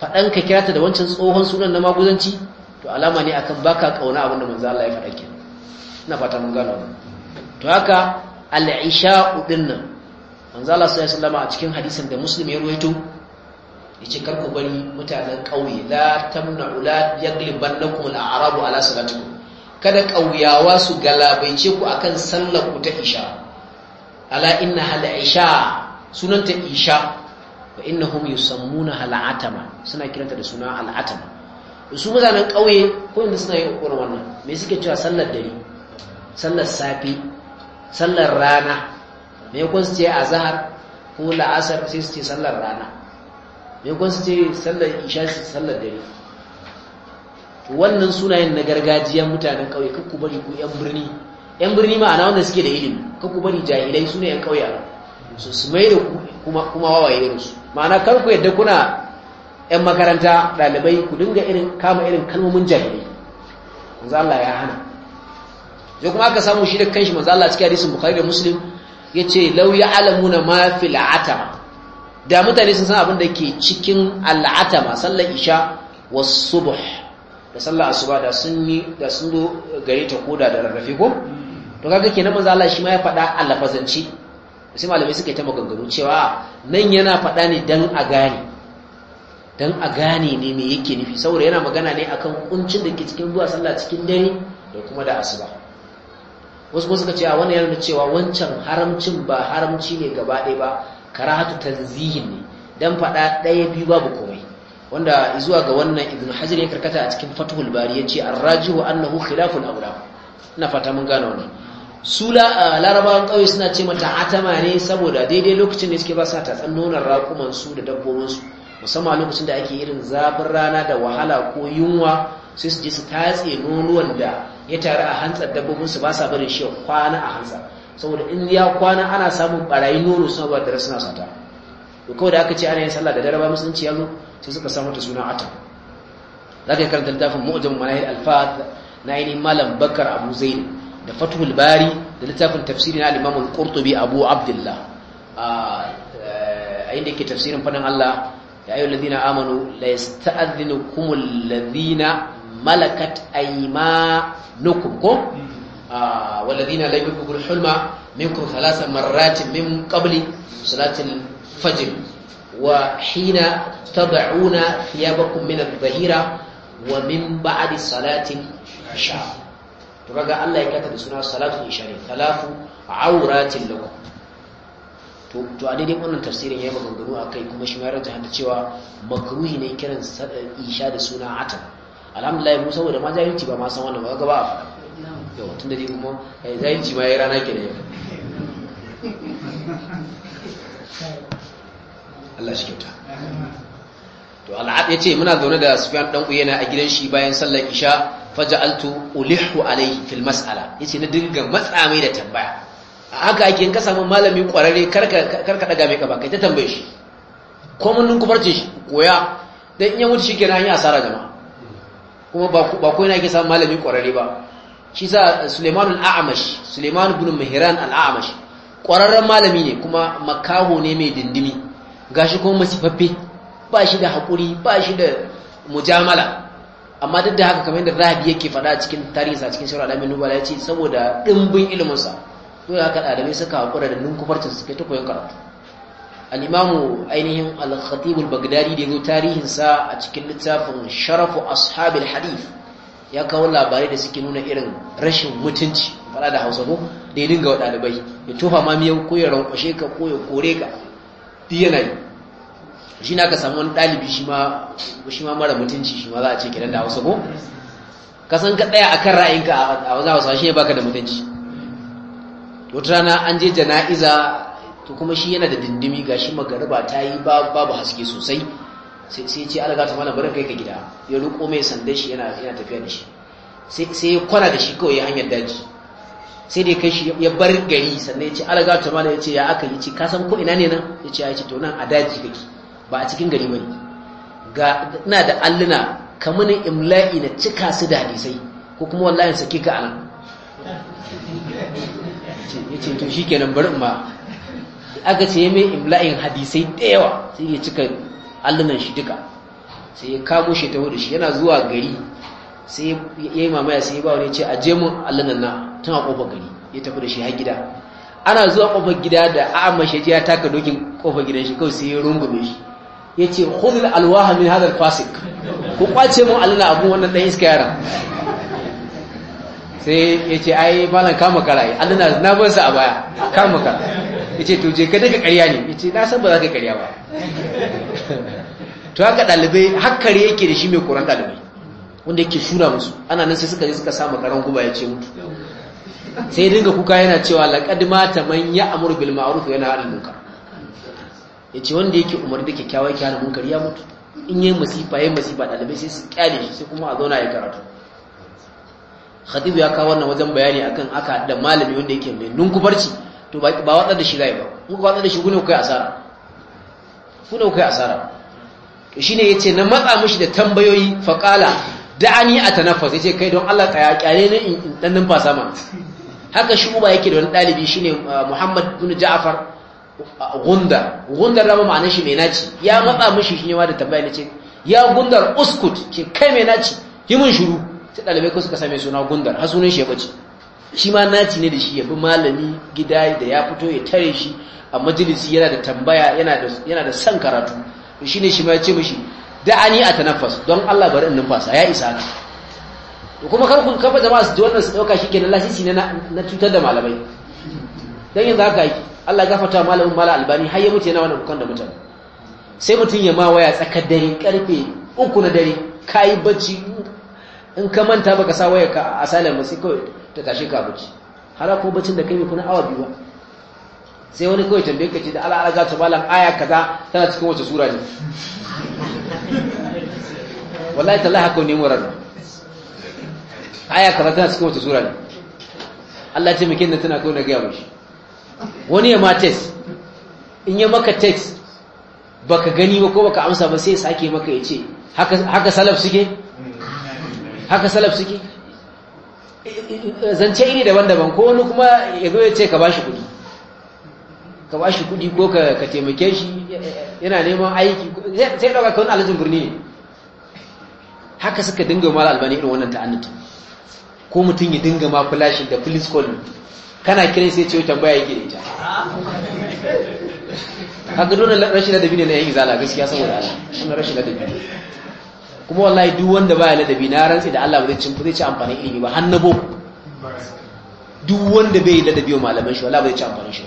fadan ka kirata da wancan tsohon sunan na maguzanci to alama ne akan baka kauna abinda da manzo Allah ya faɗa ke ina fata mun gano to haka al-isha'u nan, manzo Allah sallallahu alaihi a cikin hadisin da Muslim ya ruwaito yace kar ku bari mutanen ƙauye la tamna'u la yaglibannakum al-a'rabu ala salatikum kada ƙauyawa su galabaice ku akan sallar ku ta isha ala inna hal isha sunanta isha wa innahum yusammuna hal atama suna kiranta da suna al atama su mutanen ƙauye ko inda suna yin ƙoƙon wannan me suke cewa sallar dare sallar safe sallar rana me kun su ce zahar ko la'asar sai su ce sallar rana me kun su ce sallar isha su sallar dare wannan sunayen na gargajiya mutanen ƙauye kakku bari ku yan birni yan birni ma'ana wanda suke da ilimi kakku bari jahilai su ne yan ƙauye a su su mai da kuma wawaye da su ma'ana kar ku yadda kuna 'yan makaranta ɗalibai ku dinga irin kama irin kalmomin jami'i. manzo Allah ya hana sai kuma aka samu shi da kanshi manzo Allah cikin hadisin Bukhari da Muslim yace law ya'lamuna ma fil atama da mutane sun san abin da ke cikin al'atama sallar isha was subh da sallar asuba da sun yi da sun zo gare ta koda da rarrafe ko to kaga kenan manzo Allah shi ma ya faɗa alfazanci sai malamai suka yi ta maganganu cewa nan yana faɗa ne dan a gane don a gane ne me yake nufi saboda yana magana ne akan kuncin da ke cikin zuwa sallah cikin dare da kuma da asuba wasu kuma suka ce a wannan yana cewa wancan haramcin ba haramci ne gaba ɗaya ba karatu tanzihin ne dan faɗa ɗaya biyu babu komai wanda zuwa ga wannan ibn hajar ya karkata a cikin fathul bari yace arrajihu annahu khilaful awla ina fata mun gane wannan su larabawan ƙauye suna ce mata atama ne saboda daidai lokacin da suke ba sa tatsan nonon raƙuman su da dabbobin su musamman a lokacin da ake irin zafin rana da wahala ko yunwa sai su je su tatse nonuwan da ya taru a hantsar dabbobin su ba sa barin shi kwana a hantsa saboda in ya kwana ana samun barayi nono suna ba dare suna sata to kawai da aka ce ana yin sallah da dare ba musulunci ya zo sai suka samu ta suna atam za ka yi karanta littafin mu'jam manahil alfat na ainihin malam bakar abu zain da fatuhul bari da littafin tafsiri na al qurtubi abu abdullah ah, eh, a inda yake tafsirin fadan Allah ya ayyuhal ladina amanu la yasta'dhinukum alladhina malakat aymanukum ko wal ladina lam yakul hulma minkum thalatha marratin min qabli salatil fajr wa hina tad'una thiyabakum min adh-dhahira wa min ba'di salatil isha to Allah ya kata da suna salatul isha to a daidai wannan tafsirin ya yi maganganu a kai kuma shi mayar jihar da cewa makaruhi ne kiran isha da suna atam alhamdulillah mu saboda ma zahirci ba ma san wannan ba gaba a yau tun da dai kuma zahirci eh, ma ya yi rana ke da yau Allah shi kyauta to al'ad ya ce muna zaune da sufiyan dan uyena a gidan shi bayan sallar isha faja'altu ulihu alaihi fil mas'ala yace na dinga matsa mai da tambaya haka ake ka samu malami kwararre karka daga mai kaba kai ta tambaye shi komin nun kubarce shi koya don in ya mutu shi kenan an yi asara jama'a kuma ba ko yana ake samun malami kwararre ba shi sa suleiman al'amash suleiman bin mahiran amash kwararren malami ne kuma makaho ne mai dindimi gashi kuma masifaffe ba shi da haƙuri ba shi da mujamala amma duk da haka kamar yadda rahabi yake faɗa cikin tarihinsa cikin shirar alamin nubala ya ce saboda ɗimbin iliminsa to ya haka ɗalibai suka hakura da ninkufarcin su kai ta koyon karatu al'imamu ainihin al al-baghdadi da ya zo tarihinsa a cikin littafin sharafu al hadith ya kawo labarai da suke nuna irin rashin mutunci fara da hausa ko da yin dinga wa ɗalibai ya tofa ma miyau ko ya rankwashe ka ko ya kore ka duk yana yi shi na ka samu wani ɗalibi shi ma mara mutunci shi ma za a ce kiran da hausa ko ka san ka ɗaya akan ra'ayinka a wajen hausa shi ne baka da mutunci wata rana an je jana'iza to kuma shi yana da dindimi ga shi magariba ta yi babu haske sosai sai ce alaga ta malam barin kai ka gida ya ruko mai sandan shi yana tafiya da shi sai ya kwana da shi kawai hanyar daji sai dai kai shi ya bar gari sannan ya ce alaga ta malam ya ce ya aka yi ce ka san ko ina ne nan ya ce ya ce to nan a daji kake ba a cikin gari bane ga ina da alluna kamunin imla'i na cika su da hadisai ko kuma wallahi sake ka anan Yace to shikenan bari in ba aka ce ya mai imla'in hadisai da yawa sai ya cika allunan shi duka sai ya kamo shi ta wuri shi yana zuwa gari sai ya yi mamaya sai ya ba wani ce a je mun allunan na tun a kofar gari ya tafi da shi har gida ana zuwa kofar gida da a'amma shi ya taka dokin kofar gidan shi kawai sai ya rungume shi ya ce khudul alwaha min hadal fasik ku kwace mun allunan abun wannan dan iska yaran sai ya ce ai malam kama kara yi an na na bansa a baya kama kara ya ce to je ka daga karya ne ya ce na san ba za ka karya ba to haka ɗalibai hakkare yake da shi mai koran ɗalibai wanda yake shura musu ana nan sai suka yi suka samu karan guba ya ce mutu sai dinga kuka yana cewa laqad mata man ya'mur bil ma'ruf yana halin muka Ya ce wanda yake umarni da kyakkyawa yake hana munkar ya mutu in yi masifa yi masifa dalibai sai su kyale shi sai kuma a zauna ya karatu khatib ya kawo wannan wajen bayani akan aka da malami wanda yake mai nunkubarci to ba waɗanda da shi zai ba ku waɗanda da shi ku ne ku kai asara ku ne ku kai asara to shine yace na matsa mishi da tambayoyi fa qala da'ani atanafas yace kai don Allah tsaya kyale ne in dan numfasa ma haka shi uba yake da wani dalibi shine uh, Muhammad ibn Ja'far gunda, uh, Gundar da ma'anar shi mai naci ya matsa mishi shine ma da tambaya ne ce ya Gundar uskut ce kai mai naci yi mun shiru shi ɗalibai ko suka same suna gundar har sunan shi ya bace shi ma naci ne da shi ya bi malami gida da ya fito ya tare shi a majalisi yana da tambaya yana da son karatu shi ne shi ma ya ce mishi da'ani a tanafas don Allah bari in numfasa ya isa ka kuma kar kun kafa jama'a su ji wannan su dauka shi kenan lasisi ne na cutar da malamai dan yanzu haka yi Allah gafarta malamin mala albani har ya mutu yana wannan kukan da mutan. sai mutum ya ma waya tsakar dare karfe uku na dare kayi bacci in ka manta baka sa waya ka a silent ba sai kawai ta tashi ka buci hala ko bacin da kai bai kuna awa biyu ba sai wani kawai tambaye ka ce da ala'ala za ta malam aya kaza tana cikin wace sura ne wallahi tallahi haka ne murar aya kaza tana cikin wace sura ne Allah ya taimake ni tana kawai na gaya mishi wani ya ma test in ya maka text baka gani ba ko baka amsa ba sai sake maka ya ce haka salaf suke haka salaf suke zance iri daban-daban ko wani kuma ya zo ya ce ka bashi kudi ka bashi kudi ko ka taimake shi yana neman aiki sai dauka kawai alhajin birni ne haka suka dinga mala albani irin wannan ta'annatu ko mutum ya dinga ma flashin da police call kana kiran sai ce tambaya yake ita haka dole rashin ladabi ne na yin izala gaskiya saboda ana rashin ladabi kuma wallahi duk wanda baya ladabi na rantsi da Allah ba zai zai ci amfanin ilimi ba hannabo duk wanda bai ladabi wa malaman shi wallahi ba ci amfanin shi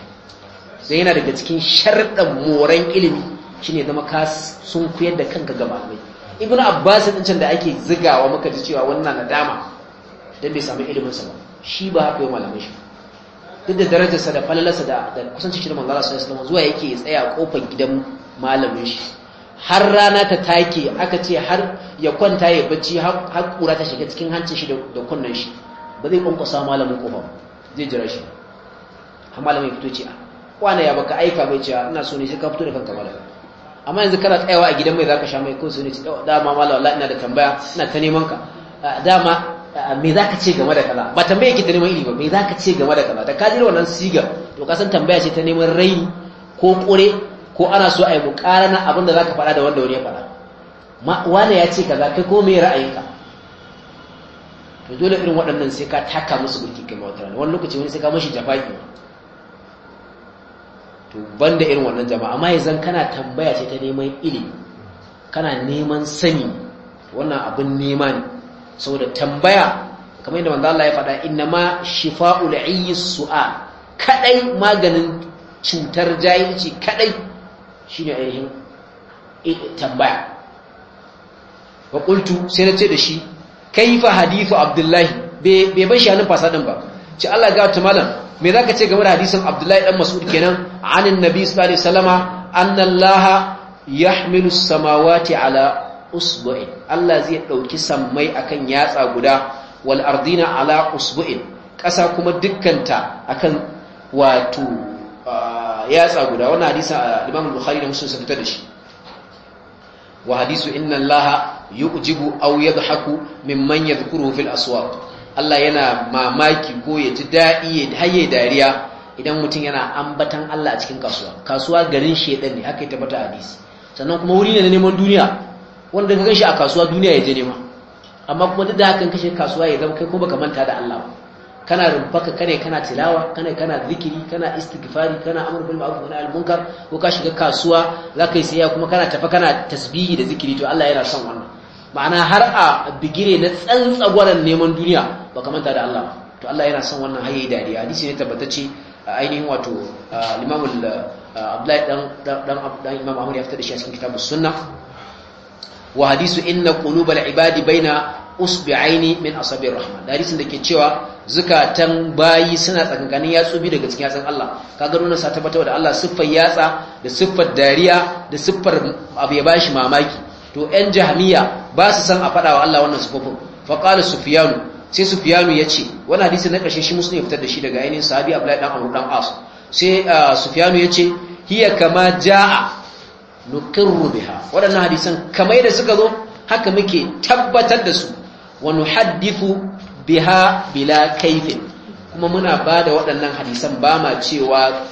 sai yana daga cikin sharɗan moran ilimi shine zama ka sun kuyar da kanka ga malamai ibnu abbas din can da ake zigawa maka ji cewa wannan nadama dan bai samu ilimin sa ba shi ba haka yau malamai shi duk da darajarsa da falalarsa da kusancin shi da manzala sallallahu alaihi wasallam zuwa yake tsaya kofar gidan malamin shi har rana ta take aka ce har ya kwanta ya bacci har kura ta shiga cikin hancin shi da kunnan shi ba zai kwankwasa malamin kofa zai jira shi har malamin fito ce kwana ya baka aika bai cewa ina so ne sai ka fito da kanka malamin amma yanzu kana tsayawa a gidan mai zaka sha mai kun su ne dama malamin wallahi ina da tambaya ina ta neman ka ah, dama ah, me zaka ce game da kaza ba tambaye ki ta neman ilimi ba me zaka ce game da kaza da ka ji wannan siga to ka san tambaya ce ta neman rai ko kure ko ana so a yi mukarana abin da za ka faɗa da wanda wani ya faɗa wane ya ce kaza kai ko mai ra'ayinka to dole irin waɗannan sai ka taka musu burki kai mawata wani lokaci wani sai ka mashi jafaki to banda irin wannan jama'a amma yanzu kana tambaya ce ta neman ilimi kana neman sani wannan abin nema ne saboda tambaya kamar yadda manzo Allah ya faɗa inna ma shifa'ul ayyi su'a kadai maganin cutar jahilci kadai ne ainihin tambaya wa sai na ce da shi kai fa hadithu abdullahi bai ban shi hannun fasa ba ce Allah ga ta malam me ka ce game da hadisin abdullahi dan mas'ud kenan anin nabi sallallahu alaihi wasallama anna Allah yahmilu samawati ala usbu'in Allah zai ɗauki sammai kan yatsa guda wal ardina ala usbu'in ƙasa kuma dukkanta a kan wato ya yatsa guda wani hadisa a Imam Bukhari da musulun sun da shi wa hadisu inna Allaha haku, min manya da yadhkuruhu fil asuwa. Allah yana mamaki ko ya ji daɗi ya dariya idan mutum yana ambatan Allah a cikin kasuwa kasuwa garin shaidan ne haka ya tabbata hadisi sannan kuma wuri ne na neman duniya wanda ka ganshi a kasuwa duniya ya je nema amma kuma duk da hakan kashe kasuwa ya zama kai ko baka manta da Allah ba kana rumfaka kane kana tilawa kane kana zikiri kana istighfari kana amr bil ma'ruf wa nahy anil munkar ko ka shiga kasuwa zaka yi sayya kuma kana tafa kana tasbihi da zikiri to Allah yana son wannan ma'ana har a bigire na tsantsagwaran neman duniya ba kamanta da Allah to Allah yana son wannan hayyai dariya hadisi ne tabbatacce ainihin wato Imam Abdullahi dan dan dan Imam Ahmad ya da shi a cikin kitabus sunna wa hadisu inna qulubal ibadi baina usbi'aini min asabir rahman da hadisin da ke cewa zukatan bayi suna tsakanin yatsu bi daga cikin yatsan Allah kaga nuna sa tabbata da Allah siffar yatsa da siffar dariya da siffar abu ya bashi mamaki to ƴan jahmiya ba su san a faɗa wa Allah wannan siffofin fa qala sufyanu sai sufyanu yace wannan hadisi na ƙarshe shi musulmi ya fitar da shi daga ainin sahabi abdullahi dan amr dan as sai uh, sufyanu yace hiya kama jaa nuqirru biha waɗannan hadisan kamar da suka zo haka muke tabbatar da su Wani nuhaddithu biha bila kaifin kuma muna ba da waɗannan hadisan ba ma cewa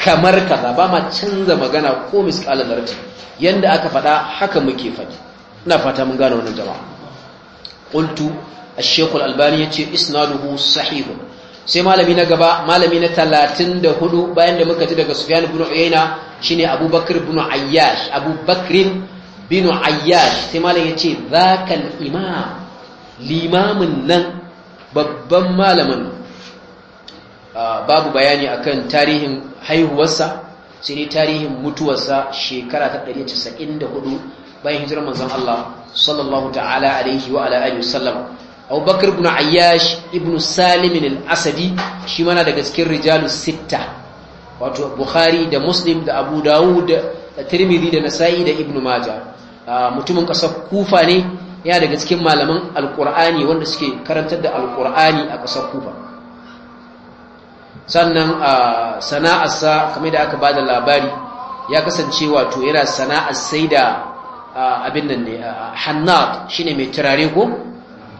kamar kaza ba ma canza magana ko misƙalar zarti yadda aka faɗa haka muke faɗi ina fata mun gane wannan jama'a qultu ash-shaykh al-albani yace isnaduhu sahihun sai malami na gaba malami na talatin da hudu bayan da muka ji daga sufyan bin uyayna shine abubakar bin ayyash abubakar bin ayyash sai malami yace zakal imam limamin nan babban malamin babu bayani akan tarihin haihuwarsa sai dai tarihin mutuwarsa shekara ta 194 bayan hijirar manzon Allah sallallahu ta'ala alaihi wa ala alihi wasallam Abubakar ibn Ayyash ibn Salim al-Asadi shi mana daga cikin rijalu sitta wato Bukhari da Muslim da Abu Dawud da Tirmidhi da Nasa'i da Ibn Majah mutumin kasar Kufa ne ya daga cikin malaman alkur'ani wanda suke karantar da alkur'ani a ƙasar kufa sannan a sana'arsa kamar da aka ba da labari ya kasance wato yana sana'ar sai da abin nan ne hannad ne mai turare ko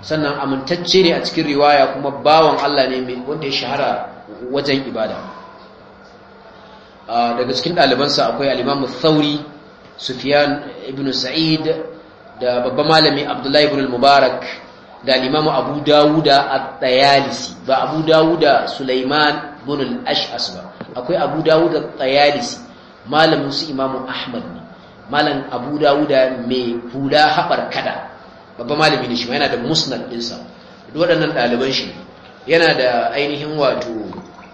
sannan amintacce ne a cikin riwaya kuma bawan Allah ne wanda ya shahara wajen ibada daga cikin ɗalibansa akwai alimamu sauri sufyan ibn sa'id da babban malami abdullahi ibn mubarak da limamu abu dawuda a Tsayalisi. ba abu dawuda sulaiman ibn al-ash'as ba akwai abu dawuda Tsayalisi, malamin su imamu ahmad ne malam abu dawuda mai hula haɓar kada babban malami ne shi yana da musnad ɗinsa duk waɗannan ɗaliban shi yana da ainihin wato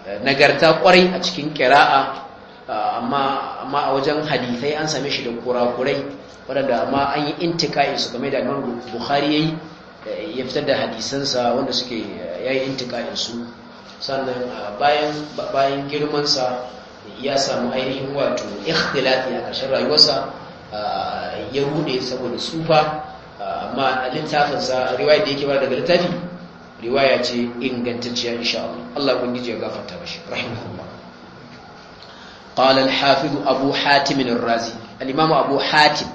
eh, nagarta kwarai a cikin ƙira'a eh, amma a wajen hadisai an same shi da kurakurai waɗanda amma an yi intikai su game da imam bukhari yayi eh, ya fitar da hadisansa wanda suke eh, yayi intika'in su sannan ah, bayan bayan girmansa ya samu ainihin wato ikhtilafi a ƙarshen rayuwarsa ah, ya rude saboda sufa ah, amma littafinsa riwaya da yake ba daga littafi riwaya ce ingantacciyar insha Allah Allah ubangiji ya gafarta mashi rahimahullah qala al-hafiz abu hatim ar-razi al abu hatim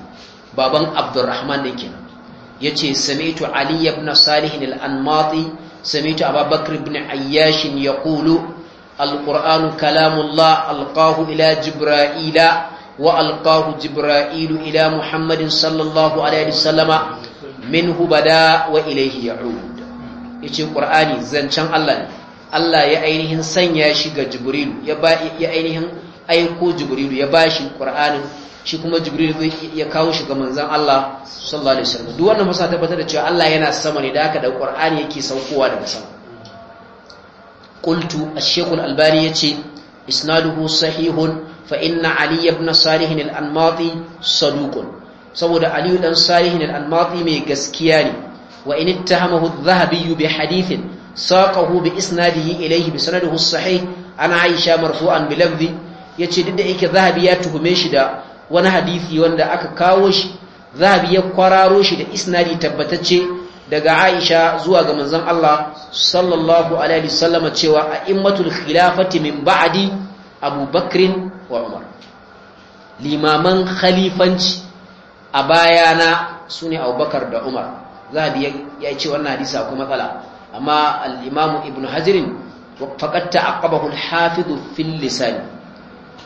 baban abdurrahman ne kenan yace sami'tu ali ibn salih al-anmati sami'tu abubakar ibn ayyashin ya kulu quranu kalamullah alƙahu ila jibra'ila wa alƙahu jibra'ilu ila muhammadin sallallahu alaihi wasallama minhu bada wa ilayhi ya'ud yace ƙur'ani zancen Allah ne Allah ya ainihin sanya shi ga ya ba ya ainihin aiko jibrilu ya bashi qur'anin shi kuma jibril ya kawo shi ga manzon Allah sallallahu alaihi wasallam duk wannan masa tabbatar da cewa Allah yana sama ne da aka da Qur'ani yake saukowa daga sama qultu ash-shaykh al-albani yace isnaduhu sahihun fa inna ali ibn salih al-anmati saduqun saboda ali dan salih al-anmati mai gaskiya ne wa in ittahamahu adh-dhahabi bi hadithin saqahu bi isnadihi ilayhi bi sanadihi as-sahih ana aisha marfu'an bi lafzi yace duk da yake zahabi ya tuhume shi da wani hadisi wanda aka kawo shi zahabi ya kwararo shi da isnadi tabbatacce daga Aisha zuwa ga manzon Allah sallallahu alaihi wasallam cewa a'immatul khilafati min ba'di Abu wa Umar limaman khalifanci a bayana sune Abubakar da Umar zahabi ya ce wannan hadisi akwai matsala amma al-Imam Ibn Hajar faqad ta'aqqabahu al-Hafiz fil lisani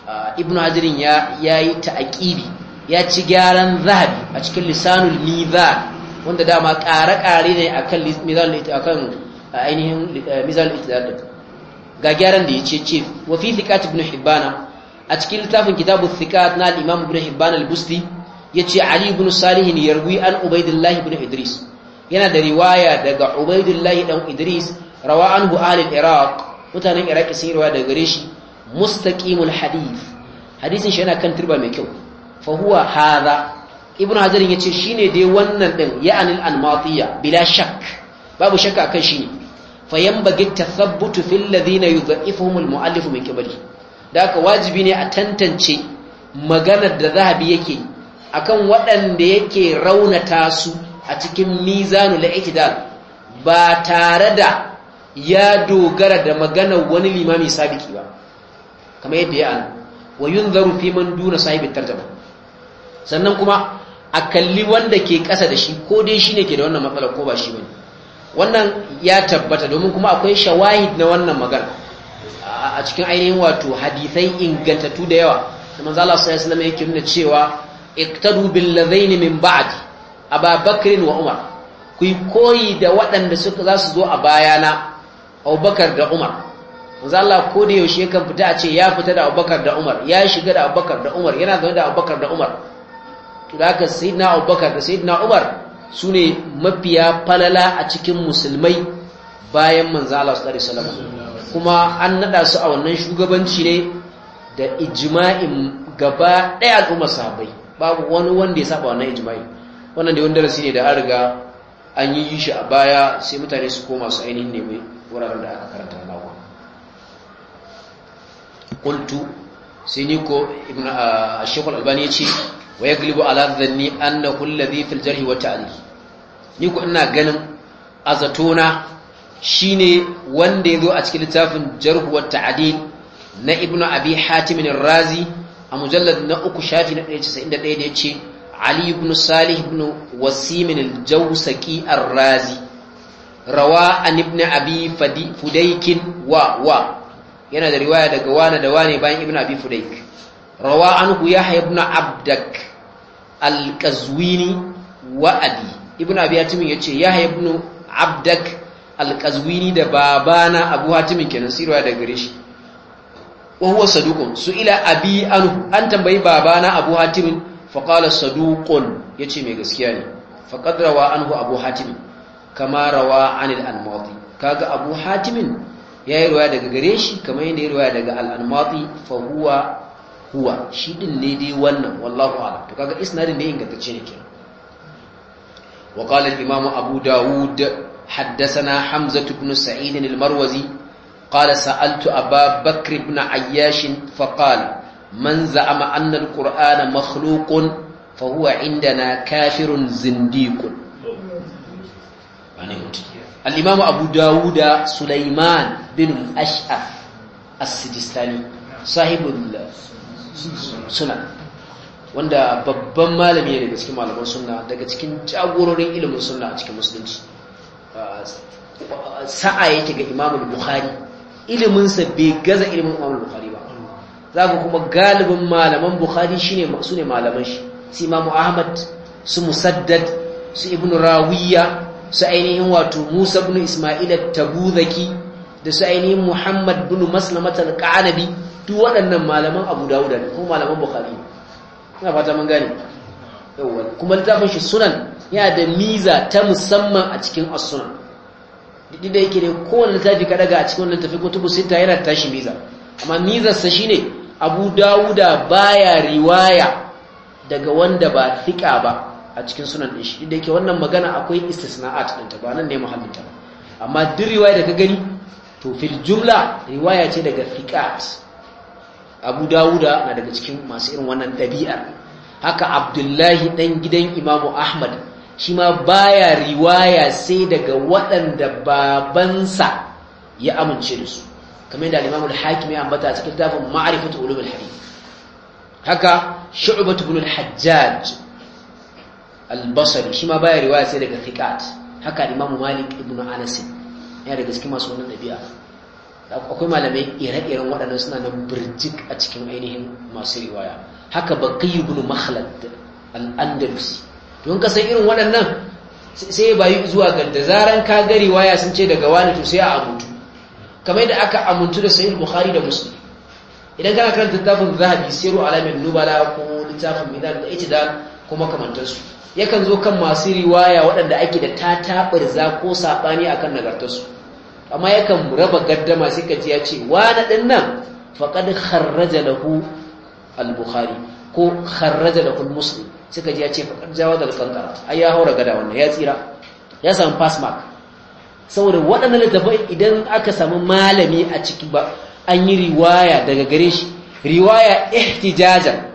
Uh, ibn hazirin ya yi ta'aƙibi ya ci gyaran zahabi a cikin lisanul mizan wanda dama ƙare-ƙare ne a kan uh, ainihin uh, mizan al'itidar ga gyaran da ya ce ce wafi thikat ibn hibbana a cikin littafin kitabu thikat na al'imam ibn hibbana al-busti ya ce ali ibn salihin yarwi an ubaidillahi ibn idris yana da riwaya daga ubaidillahi dan idris rawa anhu alil iraq mutanen iraki sun yi riwaya daga gare shi mustaƙimul hadith hadisin shi yana kan turba mai kyau fa huwa hadha ibnu ya ce shine dai wannan din ya'anil anmatiya bila shak babu shakka akan shine fa yanbaghi tathabbutu fil ladhina mai mu'allif min qibali da haka wajibi ne a tantance maganar da zahabi yake akan waɗanda yake raunata su a cikin mizanul i'tidal ba tare da ya dogara da maganar wani limami sabiki ba Kama yadda ya an wa zaru fi man duna sahibin tarjama sannan kuma a kalli wanda ke ƙasa da shi ko dai shi ne ke da wannan matsalar ko ba shi bane wannan ya tabbata domin kuma akwai shawahid na wannan magana a cikin ainihin wato hadisai ingantattu da yawa da manzo Allah sallallahu alaihi wasallam yake nuna cewa iktadu bil ladaini min ba'di ababakr wa umar ku koyi da waɗanda suka za su zo a bayana abubakar da umar manzo Allah ko da yaushe kan fita a ce ya fita da Abubakar da Umar ya shiga da Abubakar da Umar yana zaune da Abubakar da Umar to da haka sayyidina Abubakar da sayyidina Umar sune mafiya falala a cikin musulmai bayan manzo Allah sallallahu alaihi wasallam kuma an nada su a wannan shugabanci ne da ijma'in gaba ɗaya al'ummar sahabbai babu wani wanda ya saba wannan ijma'i wannan da wani darasi ne da an riga an yi shi a baya sai mutane su koma su ainihin ne mai wuraren da aka karanta qultu sai ni ko ibn ash-shaykh al-albani yace wa yaglibu ala dhanni annahu niku fil jarh wa ta'dil ni ko ina ganin azatona shine wanda yazo a cikin littafin jarh wa ta'dil na ibn abi hatim ar-razi a mujallad na uku shafi na 191 yace ali ibn salih ibn wasim al-jawsaki ar-razi rawa an ibn abi fudaykin wa wa yana da riwaya daga wani da wane bayan ibn abi fudayk rawa anhu yahya ibn abdak al-qazwini wa abi ibn abi hatim yace yahya ibn abdak al-qazwini da babana abu hatim kenan sai riwaya daga gare shi wa huwa saduqun ila abi anhu an tambayi babana abu hatim fa qala saduqun yace mai gaskiya ne fa qad rawa anhu abu hatim kama rawa anil al-mawdi kaga abu hatimin ya yi ruwa daga gare shi kamar yadda ya ruwa daga al'anmati fahuwa huwa shi ɗin ne dai wannan wallahu ala to kaga isnadin da ingantacce ne kenan wa qala imam abu dawud haddathana hamza ibn sa'id marwazi qala sa'altu a bakr ibn ayyash fa qala man za'ama anna al-qur'ana fa huwa kafirun zindiqun bane mutum al abu dawuda sulaiman bin al-ash'af as-sijistani sahibul wanda babban malami ne daga cikin malaman suna, daga cikin jagororin ilimin sunna a cikin musulunci uh, sa'a yake ga imamu bukhari iliminsa bai gaza ilimin imamu bukhari ba za ku kuma galibin malaman bukhari shine su ne malaman shi su imamu ahmad su musaddad su ibnu rawiya su ainihin wato Musa bin Isma'il tabuzaki da su ainihin Muhammad bin Maslamat al-Qanabi duk waɗannan malaman Abu Dawud ne ko malaman Bukhari ina fata mun gane yawa kuma littafin shi sunan yana da miza ta musamman a cikin as-sunan duk da yake ne kowane littafi ka daga a cikin wannan tafi tubu sita yana tashi miza amma miza sa shine Abu Dawuda baya riwaya daga wanda ba thika ba a cikin sunan din shi da yake wannan magana akwai istisna'at ɗinta ba nan ne muhallinta ba amma duk riwaya daga gani to fil jumla riwaya ce daga fiqat abu dawuda na daga cikin masu irin wannan dabi'a haka abdullahi ɗan gidan imamu ahmad shi ma baya riwaya sai daga waɗanda babansa ya amince da su kamar yadda al-imamu al-hakim ya ambata a cikin tafin ma'rifatu ulumul hadith haka shu'batu ibn al-hajjaj al-basri shi ma baya riwaya sai daga thiqat haka imamu malik ibnu anas yana daga cikin masu wannan dabi'a akwai malamai ire-iren waɗannan suna nan birjik a cikin ainihin masu riwaya haka baqi ibnu makhlad al-andalusi don ka san irin waɗannan sai bayi zuwa ga da zaran ka ga riwaya sun ce daga wani to sai a amuntu kamar da aka amuntu da sahih bukhari da muslim idan kana karanta tafsirin zahabi siru alamin nubala ko littafin midan da ittidal kuma kamantar su yakan zo kan masu riwaya waɗanda ake da ta za ko saɓani a kan nagartarsu amma yakan raba gardama sai ka ji ya ce na ɗin nan faƙad kharraja lahu al-bukhari ko kharraja lahu muslim sai ka ji ya ce faƙad jawa da kankara ai ya haura gada wanda ya tsira ya samu fasmak mark saboda waɗannan littafai idan aka samu malami a ciki ba an yi riwaya daga gare shi riwaya ihtijajan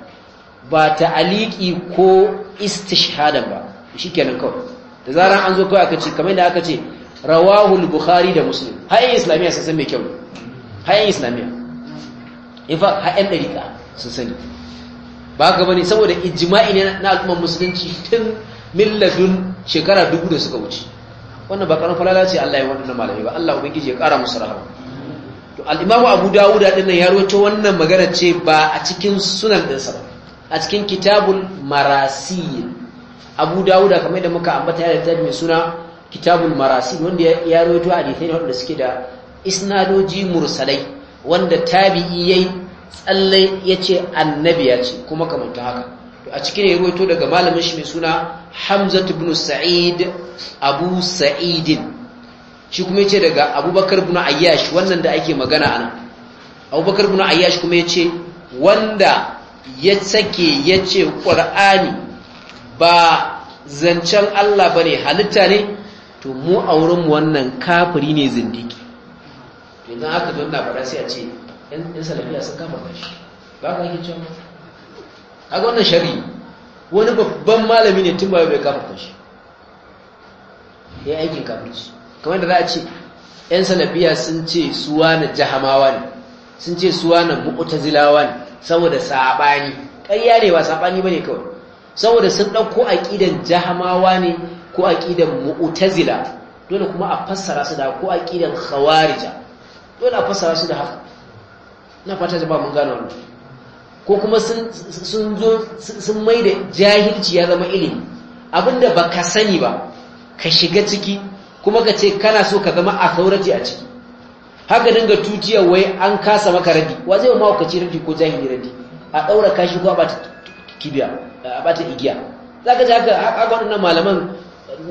ba ta aliki ko istishhadan ba shikenan kawai da zaran an zo kawai aka ce kamar da aka ce rawahul bukhari da muslim hayan islamiyya sun san me kyau hayan islamiyya in fa hayan dariqa sun sani ba ka bane saboda ijma'i ne na al'ummar musulunci tun milladun shekara dubu da suka wuce wannan ba karan falala ce Allah ya wadannan malami ba Allah ubangiji ya kara musu rahama to al-imamu abu dawud da dinnan ya rawaito wannan magana ce ba a cikin sunan dinsa ba a cikin kitabul marasil abu dawuda kamar da muka ambata ya littafi mai suna kitabul marasil wanda ya a hadisai wanda suke da isnadoji mursalai wanda tabi'i yayi ya yi, annabi ya ce kuma kamar ta haka a cikin ya roto daga malamin shi mai suna Hamza ibn Sa'id Abu Sa'idin, shi kuma ya ce daga Abubakar ibn Ayyash wannan da ake magana anan Abubakar ibn Ayyash kuma ya ce wanda ya sake ya ce ƙwar'ani ba zancen Allah ba ne halitta ne to mu a wurinmu wannan kafiri ne zindiki idan haka don na sai a ce ‘yan salafiya sun kama shi ba ka yake cewa a ga wannan shari'i wani babban malami ne tun bayan bai kama shi ya yi aikin kafirci kamar da za a ce ‘yan salafiya sun ce suwa na jahamawa ne sun ce suwa na mu'utazilawa ne saboda sabani ƙarya ne ba sabani bane kawai saboda sun dauko aqidan jahamawa ne ko aqidan mu'tazila dole kuma a fassara su da ko aqidan khawarija dole a fassara su da haka na fata da ba mun gano wannan ko kuma sun sun zo sun da jahilci ya zama ilimi abinda baka sani ba ka shiga ciki kuma ka ce kana so ka zama authority a ciki haka dinga tutiya wai an kasa maka radi wa zai ma ka radi ko jahili radi a daura kashi ko a bata kibiya a igiya zaka ji haka haka wadannan malaman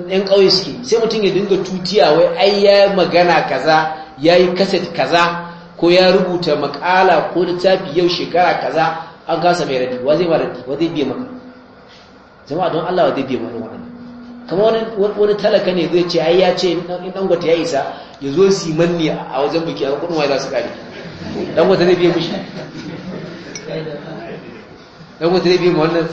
yan kauye suke sai mutum ya dinga tutiya wai ai ya magana kaza yayi kaset kaza ko ya rubuta makala ko littafi yau shekara kaza an kasa mai radi wa zai ma radi wa zai biye maka jama'a don Allah wa zai biye mana kamar wani talaka ne zai ce ai ya ce in dangote ya isa ya zo su ne a wajen biki a kudin wai za su kare dangote zai biya mishi dangote zai biya mu wannan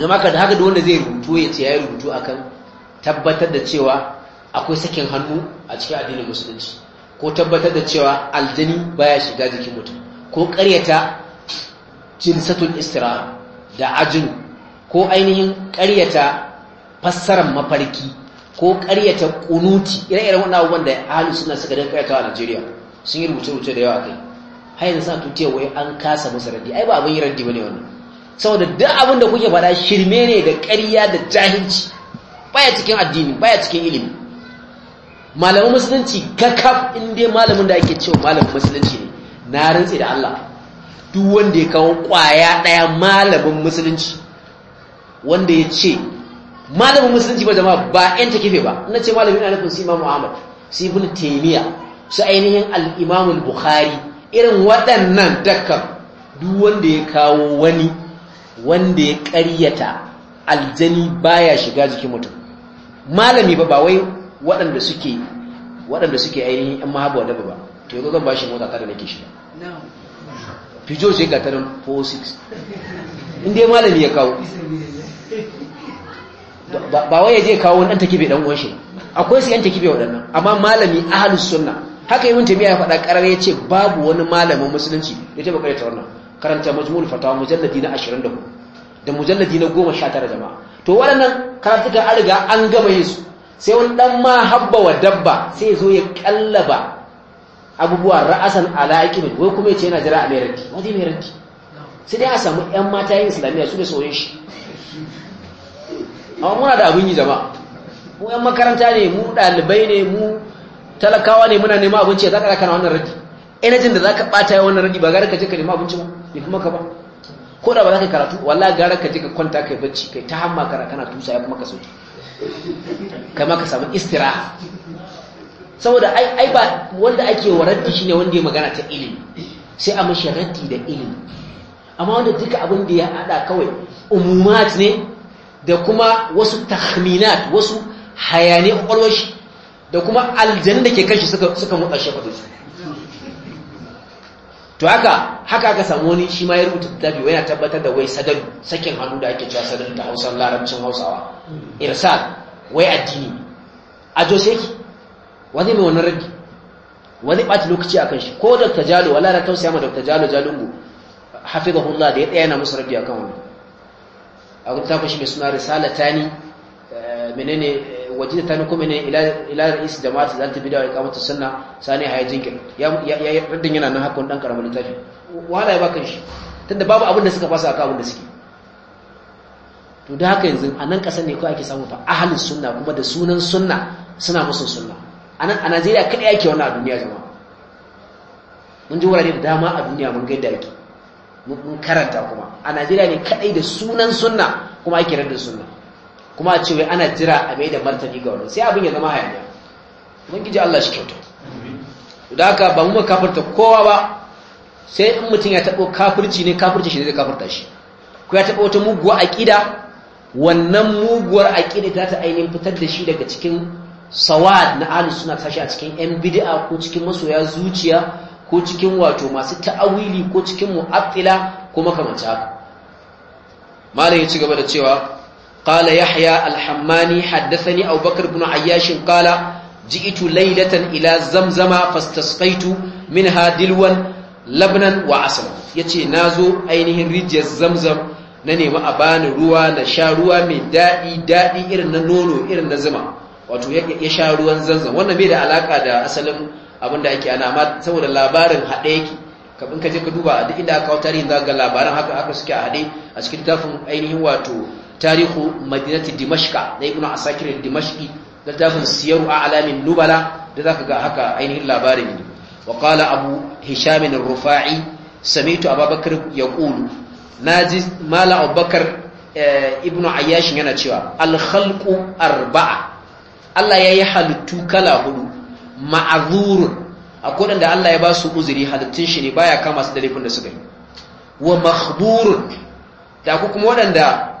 zama ka da haka da wanda zai rubutu ya ce ya yi rubutu akan tabbatar da cewa akwai sakin hannu a cikin addinin musulunci ko tabbatar da cewa aljani baya shiga jikin mutum ko karyata jinsatul istiraha da ajin ko ainihin ƙaryata fassarar mafarki ko ƙaryata kunuti ire-iren wannan abubuwan da ahalu suna suka don ƙaryatawa a Najeriya sun yi rubuce-rubuce da yawa kai har yanzu sa tutiya wai an kasa musu raddi ai ba abin yi raddi bane wannan saboda duk abin da kuke faɗa shirme ne da ƙarya da jahilci baya cikin addini baya cikin ilimi malamin musulunci kakaf in dai malamin da ake cewa malamin musulunci ne na rantsi da Allah duk wanda ya kawo kwaya daya malamin musulunci wanda ya ce malamin musulunci ba jama'a ba yan takife ba ina ce malamin ina nufin sima muhammad su su ainihin al'imamun buhari irin waɗannan dakkan duk wanda ya kawo wani wanda ya karyata aljani baya shiga jikin mutum malami ba ba wai waɗanda suke ainihin yan mahabu wadda ba to yanzu zan ba shi mota ta da nake shiga fijo sai ga tanan 6 inda malami ya kawo ba wai je kawo wani ɗan takibe ɗan shi akwai su yanta takibe waɗannan amma malami ahalus sunna haka yi wunta biya ya faɗa ƙarar ya ce babu wani malamin musulunci da ta bakar ta wannan karanta majmul fatawa mujalladi na 24 da mujalladi na 19 jama'a to waɗannan karatuka an riga an gama yin su sai wani ɗan ma habba wa dabba sai zo ya kallaba abubuwa ra'asan ala'ikin wai kuma ya ce yana jira a mai raddi waje mai raddi sai dai a samu 'yan mata yin islamiyya su da sauyin shi amma muna da abin yi zama. mu 'yan makaranta ne mu ɗalibai ne mu talakawa ne muna nema abinci ya za ka zaka na wannan raddi energy da za ka ɓata yawan wannan raddi ba gara ka je ka nema abinci ba ne kuma ka ba ko da ba za ka karatu wallah gara ka je ka kwanta kai bacci kai ta hamma kana kana tusa ya kuma ka sauki kai ma ka samu istiraha saboda ai ai ba wanda ake wa shine wanda ya magana ta ilimi sai a mishi raddi da ilimi amma wanda duka abin da ya hada kawai umumat ne da kuma wasu tahminat wasu hayane kwalwashi da kuma aljan da ke kashi suka suka mutsa shi kwato to haka haka aka samu wani shi ma ya rubuta littafi yana tabbatar da wai sadar sakin hannu da ake cewa sadar da Hausa larabcin Hausawa irsal wai addini a joseki Wani mai wani rage wani ɓata lokaci a kan shi ko dr jalo wala na tausaya ma dr jalo jalungu hula da ya ɗaya na musu a kan wani a ta tafi shi mai suna risala tani eh, menene eh, waje ta ni kuma ne ila ra'is jama'at zan tafi ya kamata sunna sani hayi jinkir ya ya raddin yana nan hakun dan karamin littafi wala ya baka shi tunda babu abin da suka fasa a abin da suke to da haka yanzu a nan kasar ne ko ake samu fa ahlus sunna kuma da sunan sunna suna musun sunna a najeriya kaɗai ake wannan a duniya jama'a mun ji wurare da dama a duniya mun gaida ake mun karanta kuma a najeriya ne kaɗai da sunan sunna kuma ake radda sunna kuma a cewa ana jira a mai da martani ga wani sai abin ya zama hayaniya mun gije allah shi kyauta da haka ba mu kafirta kowa ba sai in mutum ya taɓo kafirci ne kafirci shi zai kafirta shi ko ya taɓa wata a aƙida wannan muguwar aƙida ta ta ainihin fitar da shi daga cikin sawad na ahli suna kashi a cikin yan bidi'a ko cikin masoya zuciya ko cikin wato masu ta'awili ko cikin mu'attila ko makamanta haka malam ya ci gaba da cewa qala yahya Alhammani, hammani haddathani abubakar ibn ayyash qala ji'tu laylatan ila zamzama fastasqaitu minha dilwan labnan wa asal yace nazo ainihin rijiyar zamzam na nemi a bani ruwa na sha ruwa mai daɗi daɗi irin na nono irin na zama. wato ya sha ruwan zanzan wannan bai da alaka da asalin abin da ake ana amma saboda labarin haɗe yake kafin ka je ka duba a duk inda aka tarihin za ga labaran haka aka suke a haɗe a cikin tafin ainihin wato tarihu madinati dimashka na ibnu asakir dimashki da tafin siyaru a alamin nubala da za ka ga haka ainihin labarin ne wa qala abu hisham ar-rufa'i samitu ababakar yaqulu naji mala abubakar eh, ibnu ayyashin yana cewa al-khalqu arba'a Allah ya yi halittu kala hudu ma'azurun kodin da Allah ya ba su uzuri halittun shi ne baya kama su da laifin da suka yi wa makhburun da ku kuma waɗanda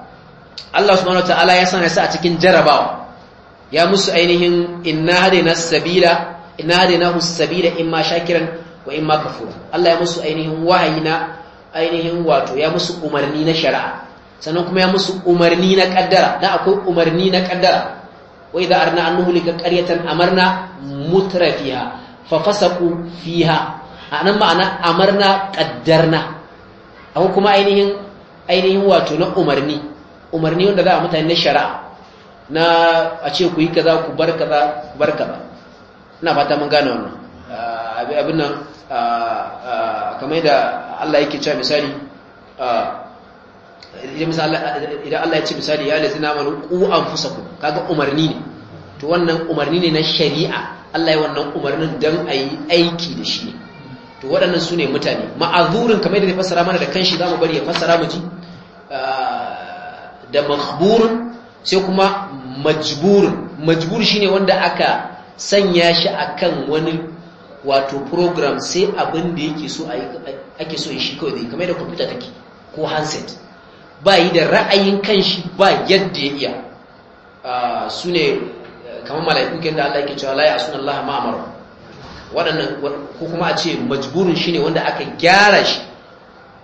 Allah subhanahu ta'ala ya sanya su a cikin jarabawa ya musu ainihin inna hadina sabila inna hadainahu sabila imma shakiran wa imma kafur Allah ya musu ainihin wahayi na ainihin wato ya musu umarni na shari'a sannan kuma ya musu umarni na kaddara dan akwai umarni na kaddara wa idza arna an nuhlika qaryatan amarna mutra fafasa fa fasaku fiha anan ma'ana amarna qaddarna akwai kuma ainihin ainihin wato na umarni umarni wanda za a mutane na shari'a na a ce ku yi kaza ku bar kaza bar kaza ina fata mun gane wannan ah, abin nan ah, ah, kamar da Allah yake cewa misali idan Allah ya ce misali ya lazina namanu ku anfusakum kaga umarni ne to wannan umarni ne na shari'a Allah ya wannan umarnin dan yi aiki da shi ne. to waɗannan su ne mutane ma'azurin kamar yadda ya fassara mana da kanshi za mu bari ya fassara mu ji ah, da makhburin sai kuma majburin majbur shine wanda aka sanya shi akan wani wato program sai abin da yake so ake so shi kawai kamar da computer take ko handset ba yi da ra'ayin kanshi ba yadda ya iya ah, su ne kamar mala'iku kan da Allah ke cewa a sunan Allah ma'amara waɗannan ko kuma a ce majburin ne wanda aka gyara shi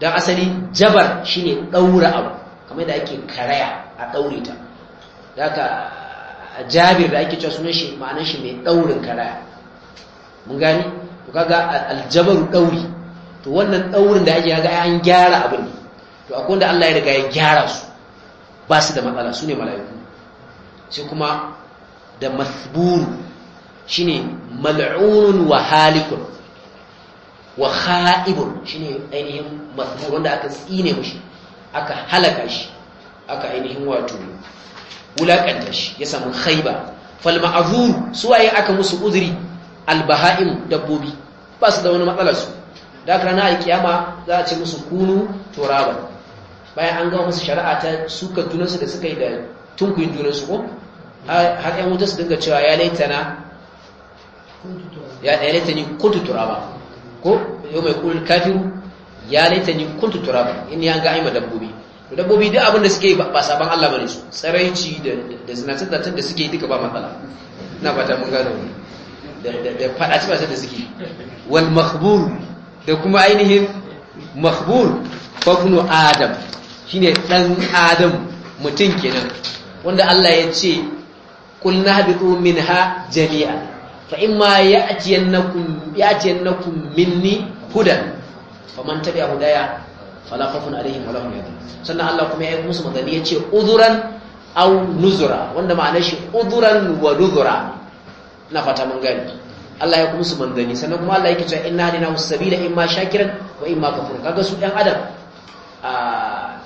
don asali jabar shi ne daura abu kamar da ake karaya a ɗaure ta Da aka jabir da ake cewa sunan shi ma'anar shi mai ɗaurin karaya mun gani to kaga aljabaru ɗauri? to wannan ɗaurin da ake ga an gyara abin ne to akwai wanda Allah ya riga ya gyara su ba su da matsala su ne mala'iku sai kuma da masburu shine mal'unun wa halikun wa shi shine ainihin masburu wanda aka tsine mashi aka halaka shi aka ainihin wato wulaƙanta shi ya samu su fal ma'zur suwaye aka musu uzuri al dabbobi ba su da wani matsala su da aka rana a kiyama za a ce musu kunu turaban bayan an gawa musu shari'a ta suka junansu da suka yi da tunkuyin junansu ko har yan wuta su dinga cewa ya na ya ni kuntu turaba ko yau mai kulul kafiru ya ni kuntu turaba in ya ga aima dabbobi dabbobi duk abin da suke yi ba saban Allah bane su tsaraici da da zinatar da suke yi duka ba matsala ina fata mun gano da da fadaci ba da suke wal makhbur da kuma ainihin makhbur babnu adam shine dan adam mutum kenan wanda Allah ya ce kul nahbitu minha jami'a fa imma ya'tiyannakum ya'tiyannakum minni hudan faman tabi'a hudaya fala khawfun alaihim wala hum yahzanun sannan Allah kuma ya yi musu magani ya ce uzuran aw nuzura wanda ma'anar shi uzuran wa nuzura na fata mun gani Allah ya kuma su mangani, sannan kuma Allah yake cewa inna hadina wasabila imma shakiran wa imma kafur kaga su ɗan adam ah,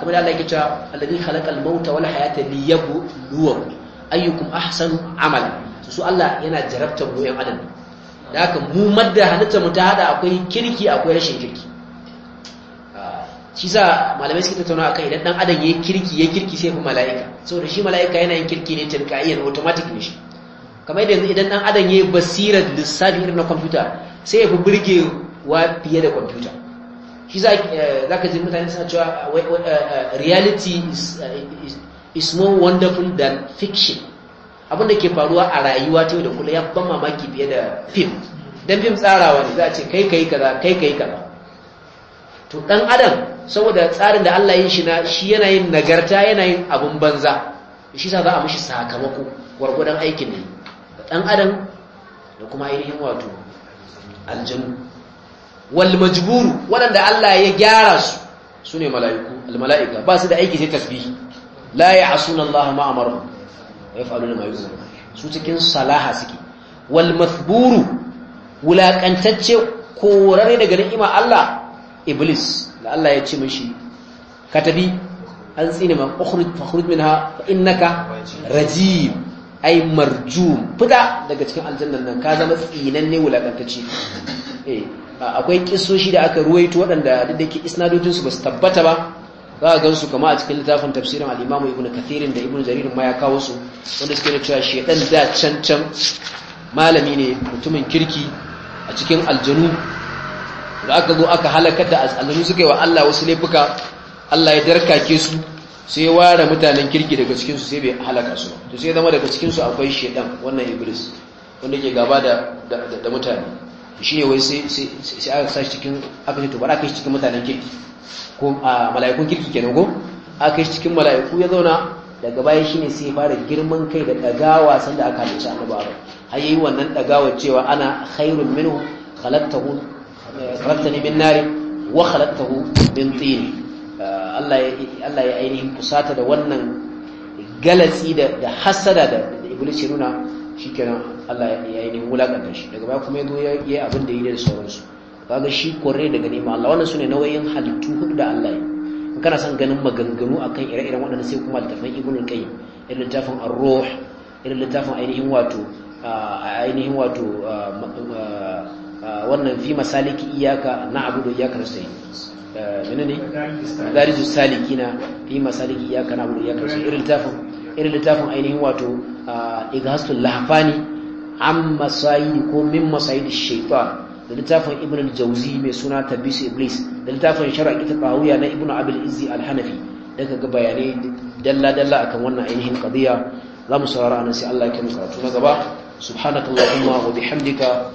kamar Allah yake cewa alladhi khalaqal mauta wal hayata liyabluwakum ayyukum ahsanu amala su Allah yana jarabtar mu yan adam da haka mu madda halitta mu ta hada akwai kirki akwai rashin kirki shi sa malamai suke tattauna akan idan dan adam yayi kirki yayi kirki sai fa mala'ika saboda shi mala'ika yana yin kirki ne tilkaiyan automatic ne shi kamar yanzu idan dan adam yayi basirar lissafi irin na computer sai ya fi wa fiye da kwamfuta shi eh, za ka ji mutane suna cewa eh, eh, reality is more wonderful than fiction abin da ke faruwa a rayuwa ta yau da kula ya ban mamaki fiye da fim don fim tsarawa ne za a ce kai kai kaza kai kai kaza to dan adam saboda tsarin da Allah yin shi na shi yana yin nagarta yana yin abun banza shi sa za a mishi sakamako gwargwadon aikin ne dan adam da kuma ainihin wato aljanu wal waɗanda Allah ya gyara su su ne mala'iku malaika ba su da aiki sai tasbihi la ya asuna Allah ma ya faru da mayu su cikin salaha suke wal mathburu wulaƙantacce korare daga ni'ima Allah iblis da Allah ya ce mashi ka tafi an tsine ma ukhruj fakhruj minha innaka rajim ai marju fita daga cikin aljannan nan ka zama tsinanne wulakantacce eh akwai kissoshi da aka ruwaito waɗanda duk da ke isnadodin su ba su tabbata ba za a gansu kamar a cikin littafin tafsirin al-Imam Ibn Kathir da Ibn Jarir ma ya kawo su wanda suke cewa shedan da cancan malami ne mutumin kirki a cikin aljanu da aka zo aka halakar da aljanu suka yi wa Allah wasu laifuka Allah ya darkake su sai ware mutanen kirki daga cikinsu sai bai halaka su to sai zama daga cikinsu akwai shedan wannan iblis wanda ke gaba da mutane shi ne wai sai aka sa cikin aka ce to ba aka shi cikin mutanen kirki ko a mala'ikun kirki ke nago aka shi cikin mala'iku ya zauna daga baya shine sai fara girman kai da dagawa sanda aka halicci annaba ba har yayi wannan dagawa cewa ana khairun minhu khalaqtahu khalaqtani min nari wa khalaqtahu min tin Allah ya ainihin kusata da wannan galatsi da hasada da iblis ya nuna kenan Allah ya ainihin da shi daga baya kuma ya yi abin da yi da sauransu ga shi kore daga nema Allah wannan su ne nauyin halittu hudu da Allah ya in kana son ganin maganganu kan ire-iren waɗanda sai kuma littafin Ibn al-Qayyim irin littafin Ar-Ruh irin littafin ainihin wato ainihin wato wannan fi masaliki iyaka na da iyakar sai menene madarijus salikina fi masaliki ya kana mu ya kace irin littafin irin littafin ainihin wato ighasul lahfani an masayid ko min masayid shaytan da littafin ibn al-jawzi mai suna Tabbisu iblis da littafin shar'a ita qawiya na ibn abul izzi al-hanafi daga ga bayanai dalla dalla akan wannan ainihin Za zamu saurara anan sai Allah ya kimu karatu na gaba subhanakallahumma wa bihamdika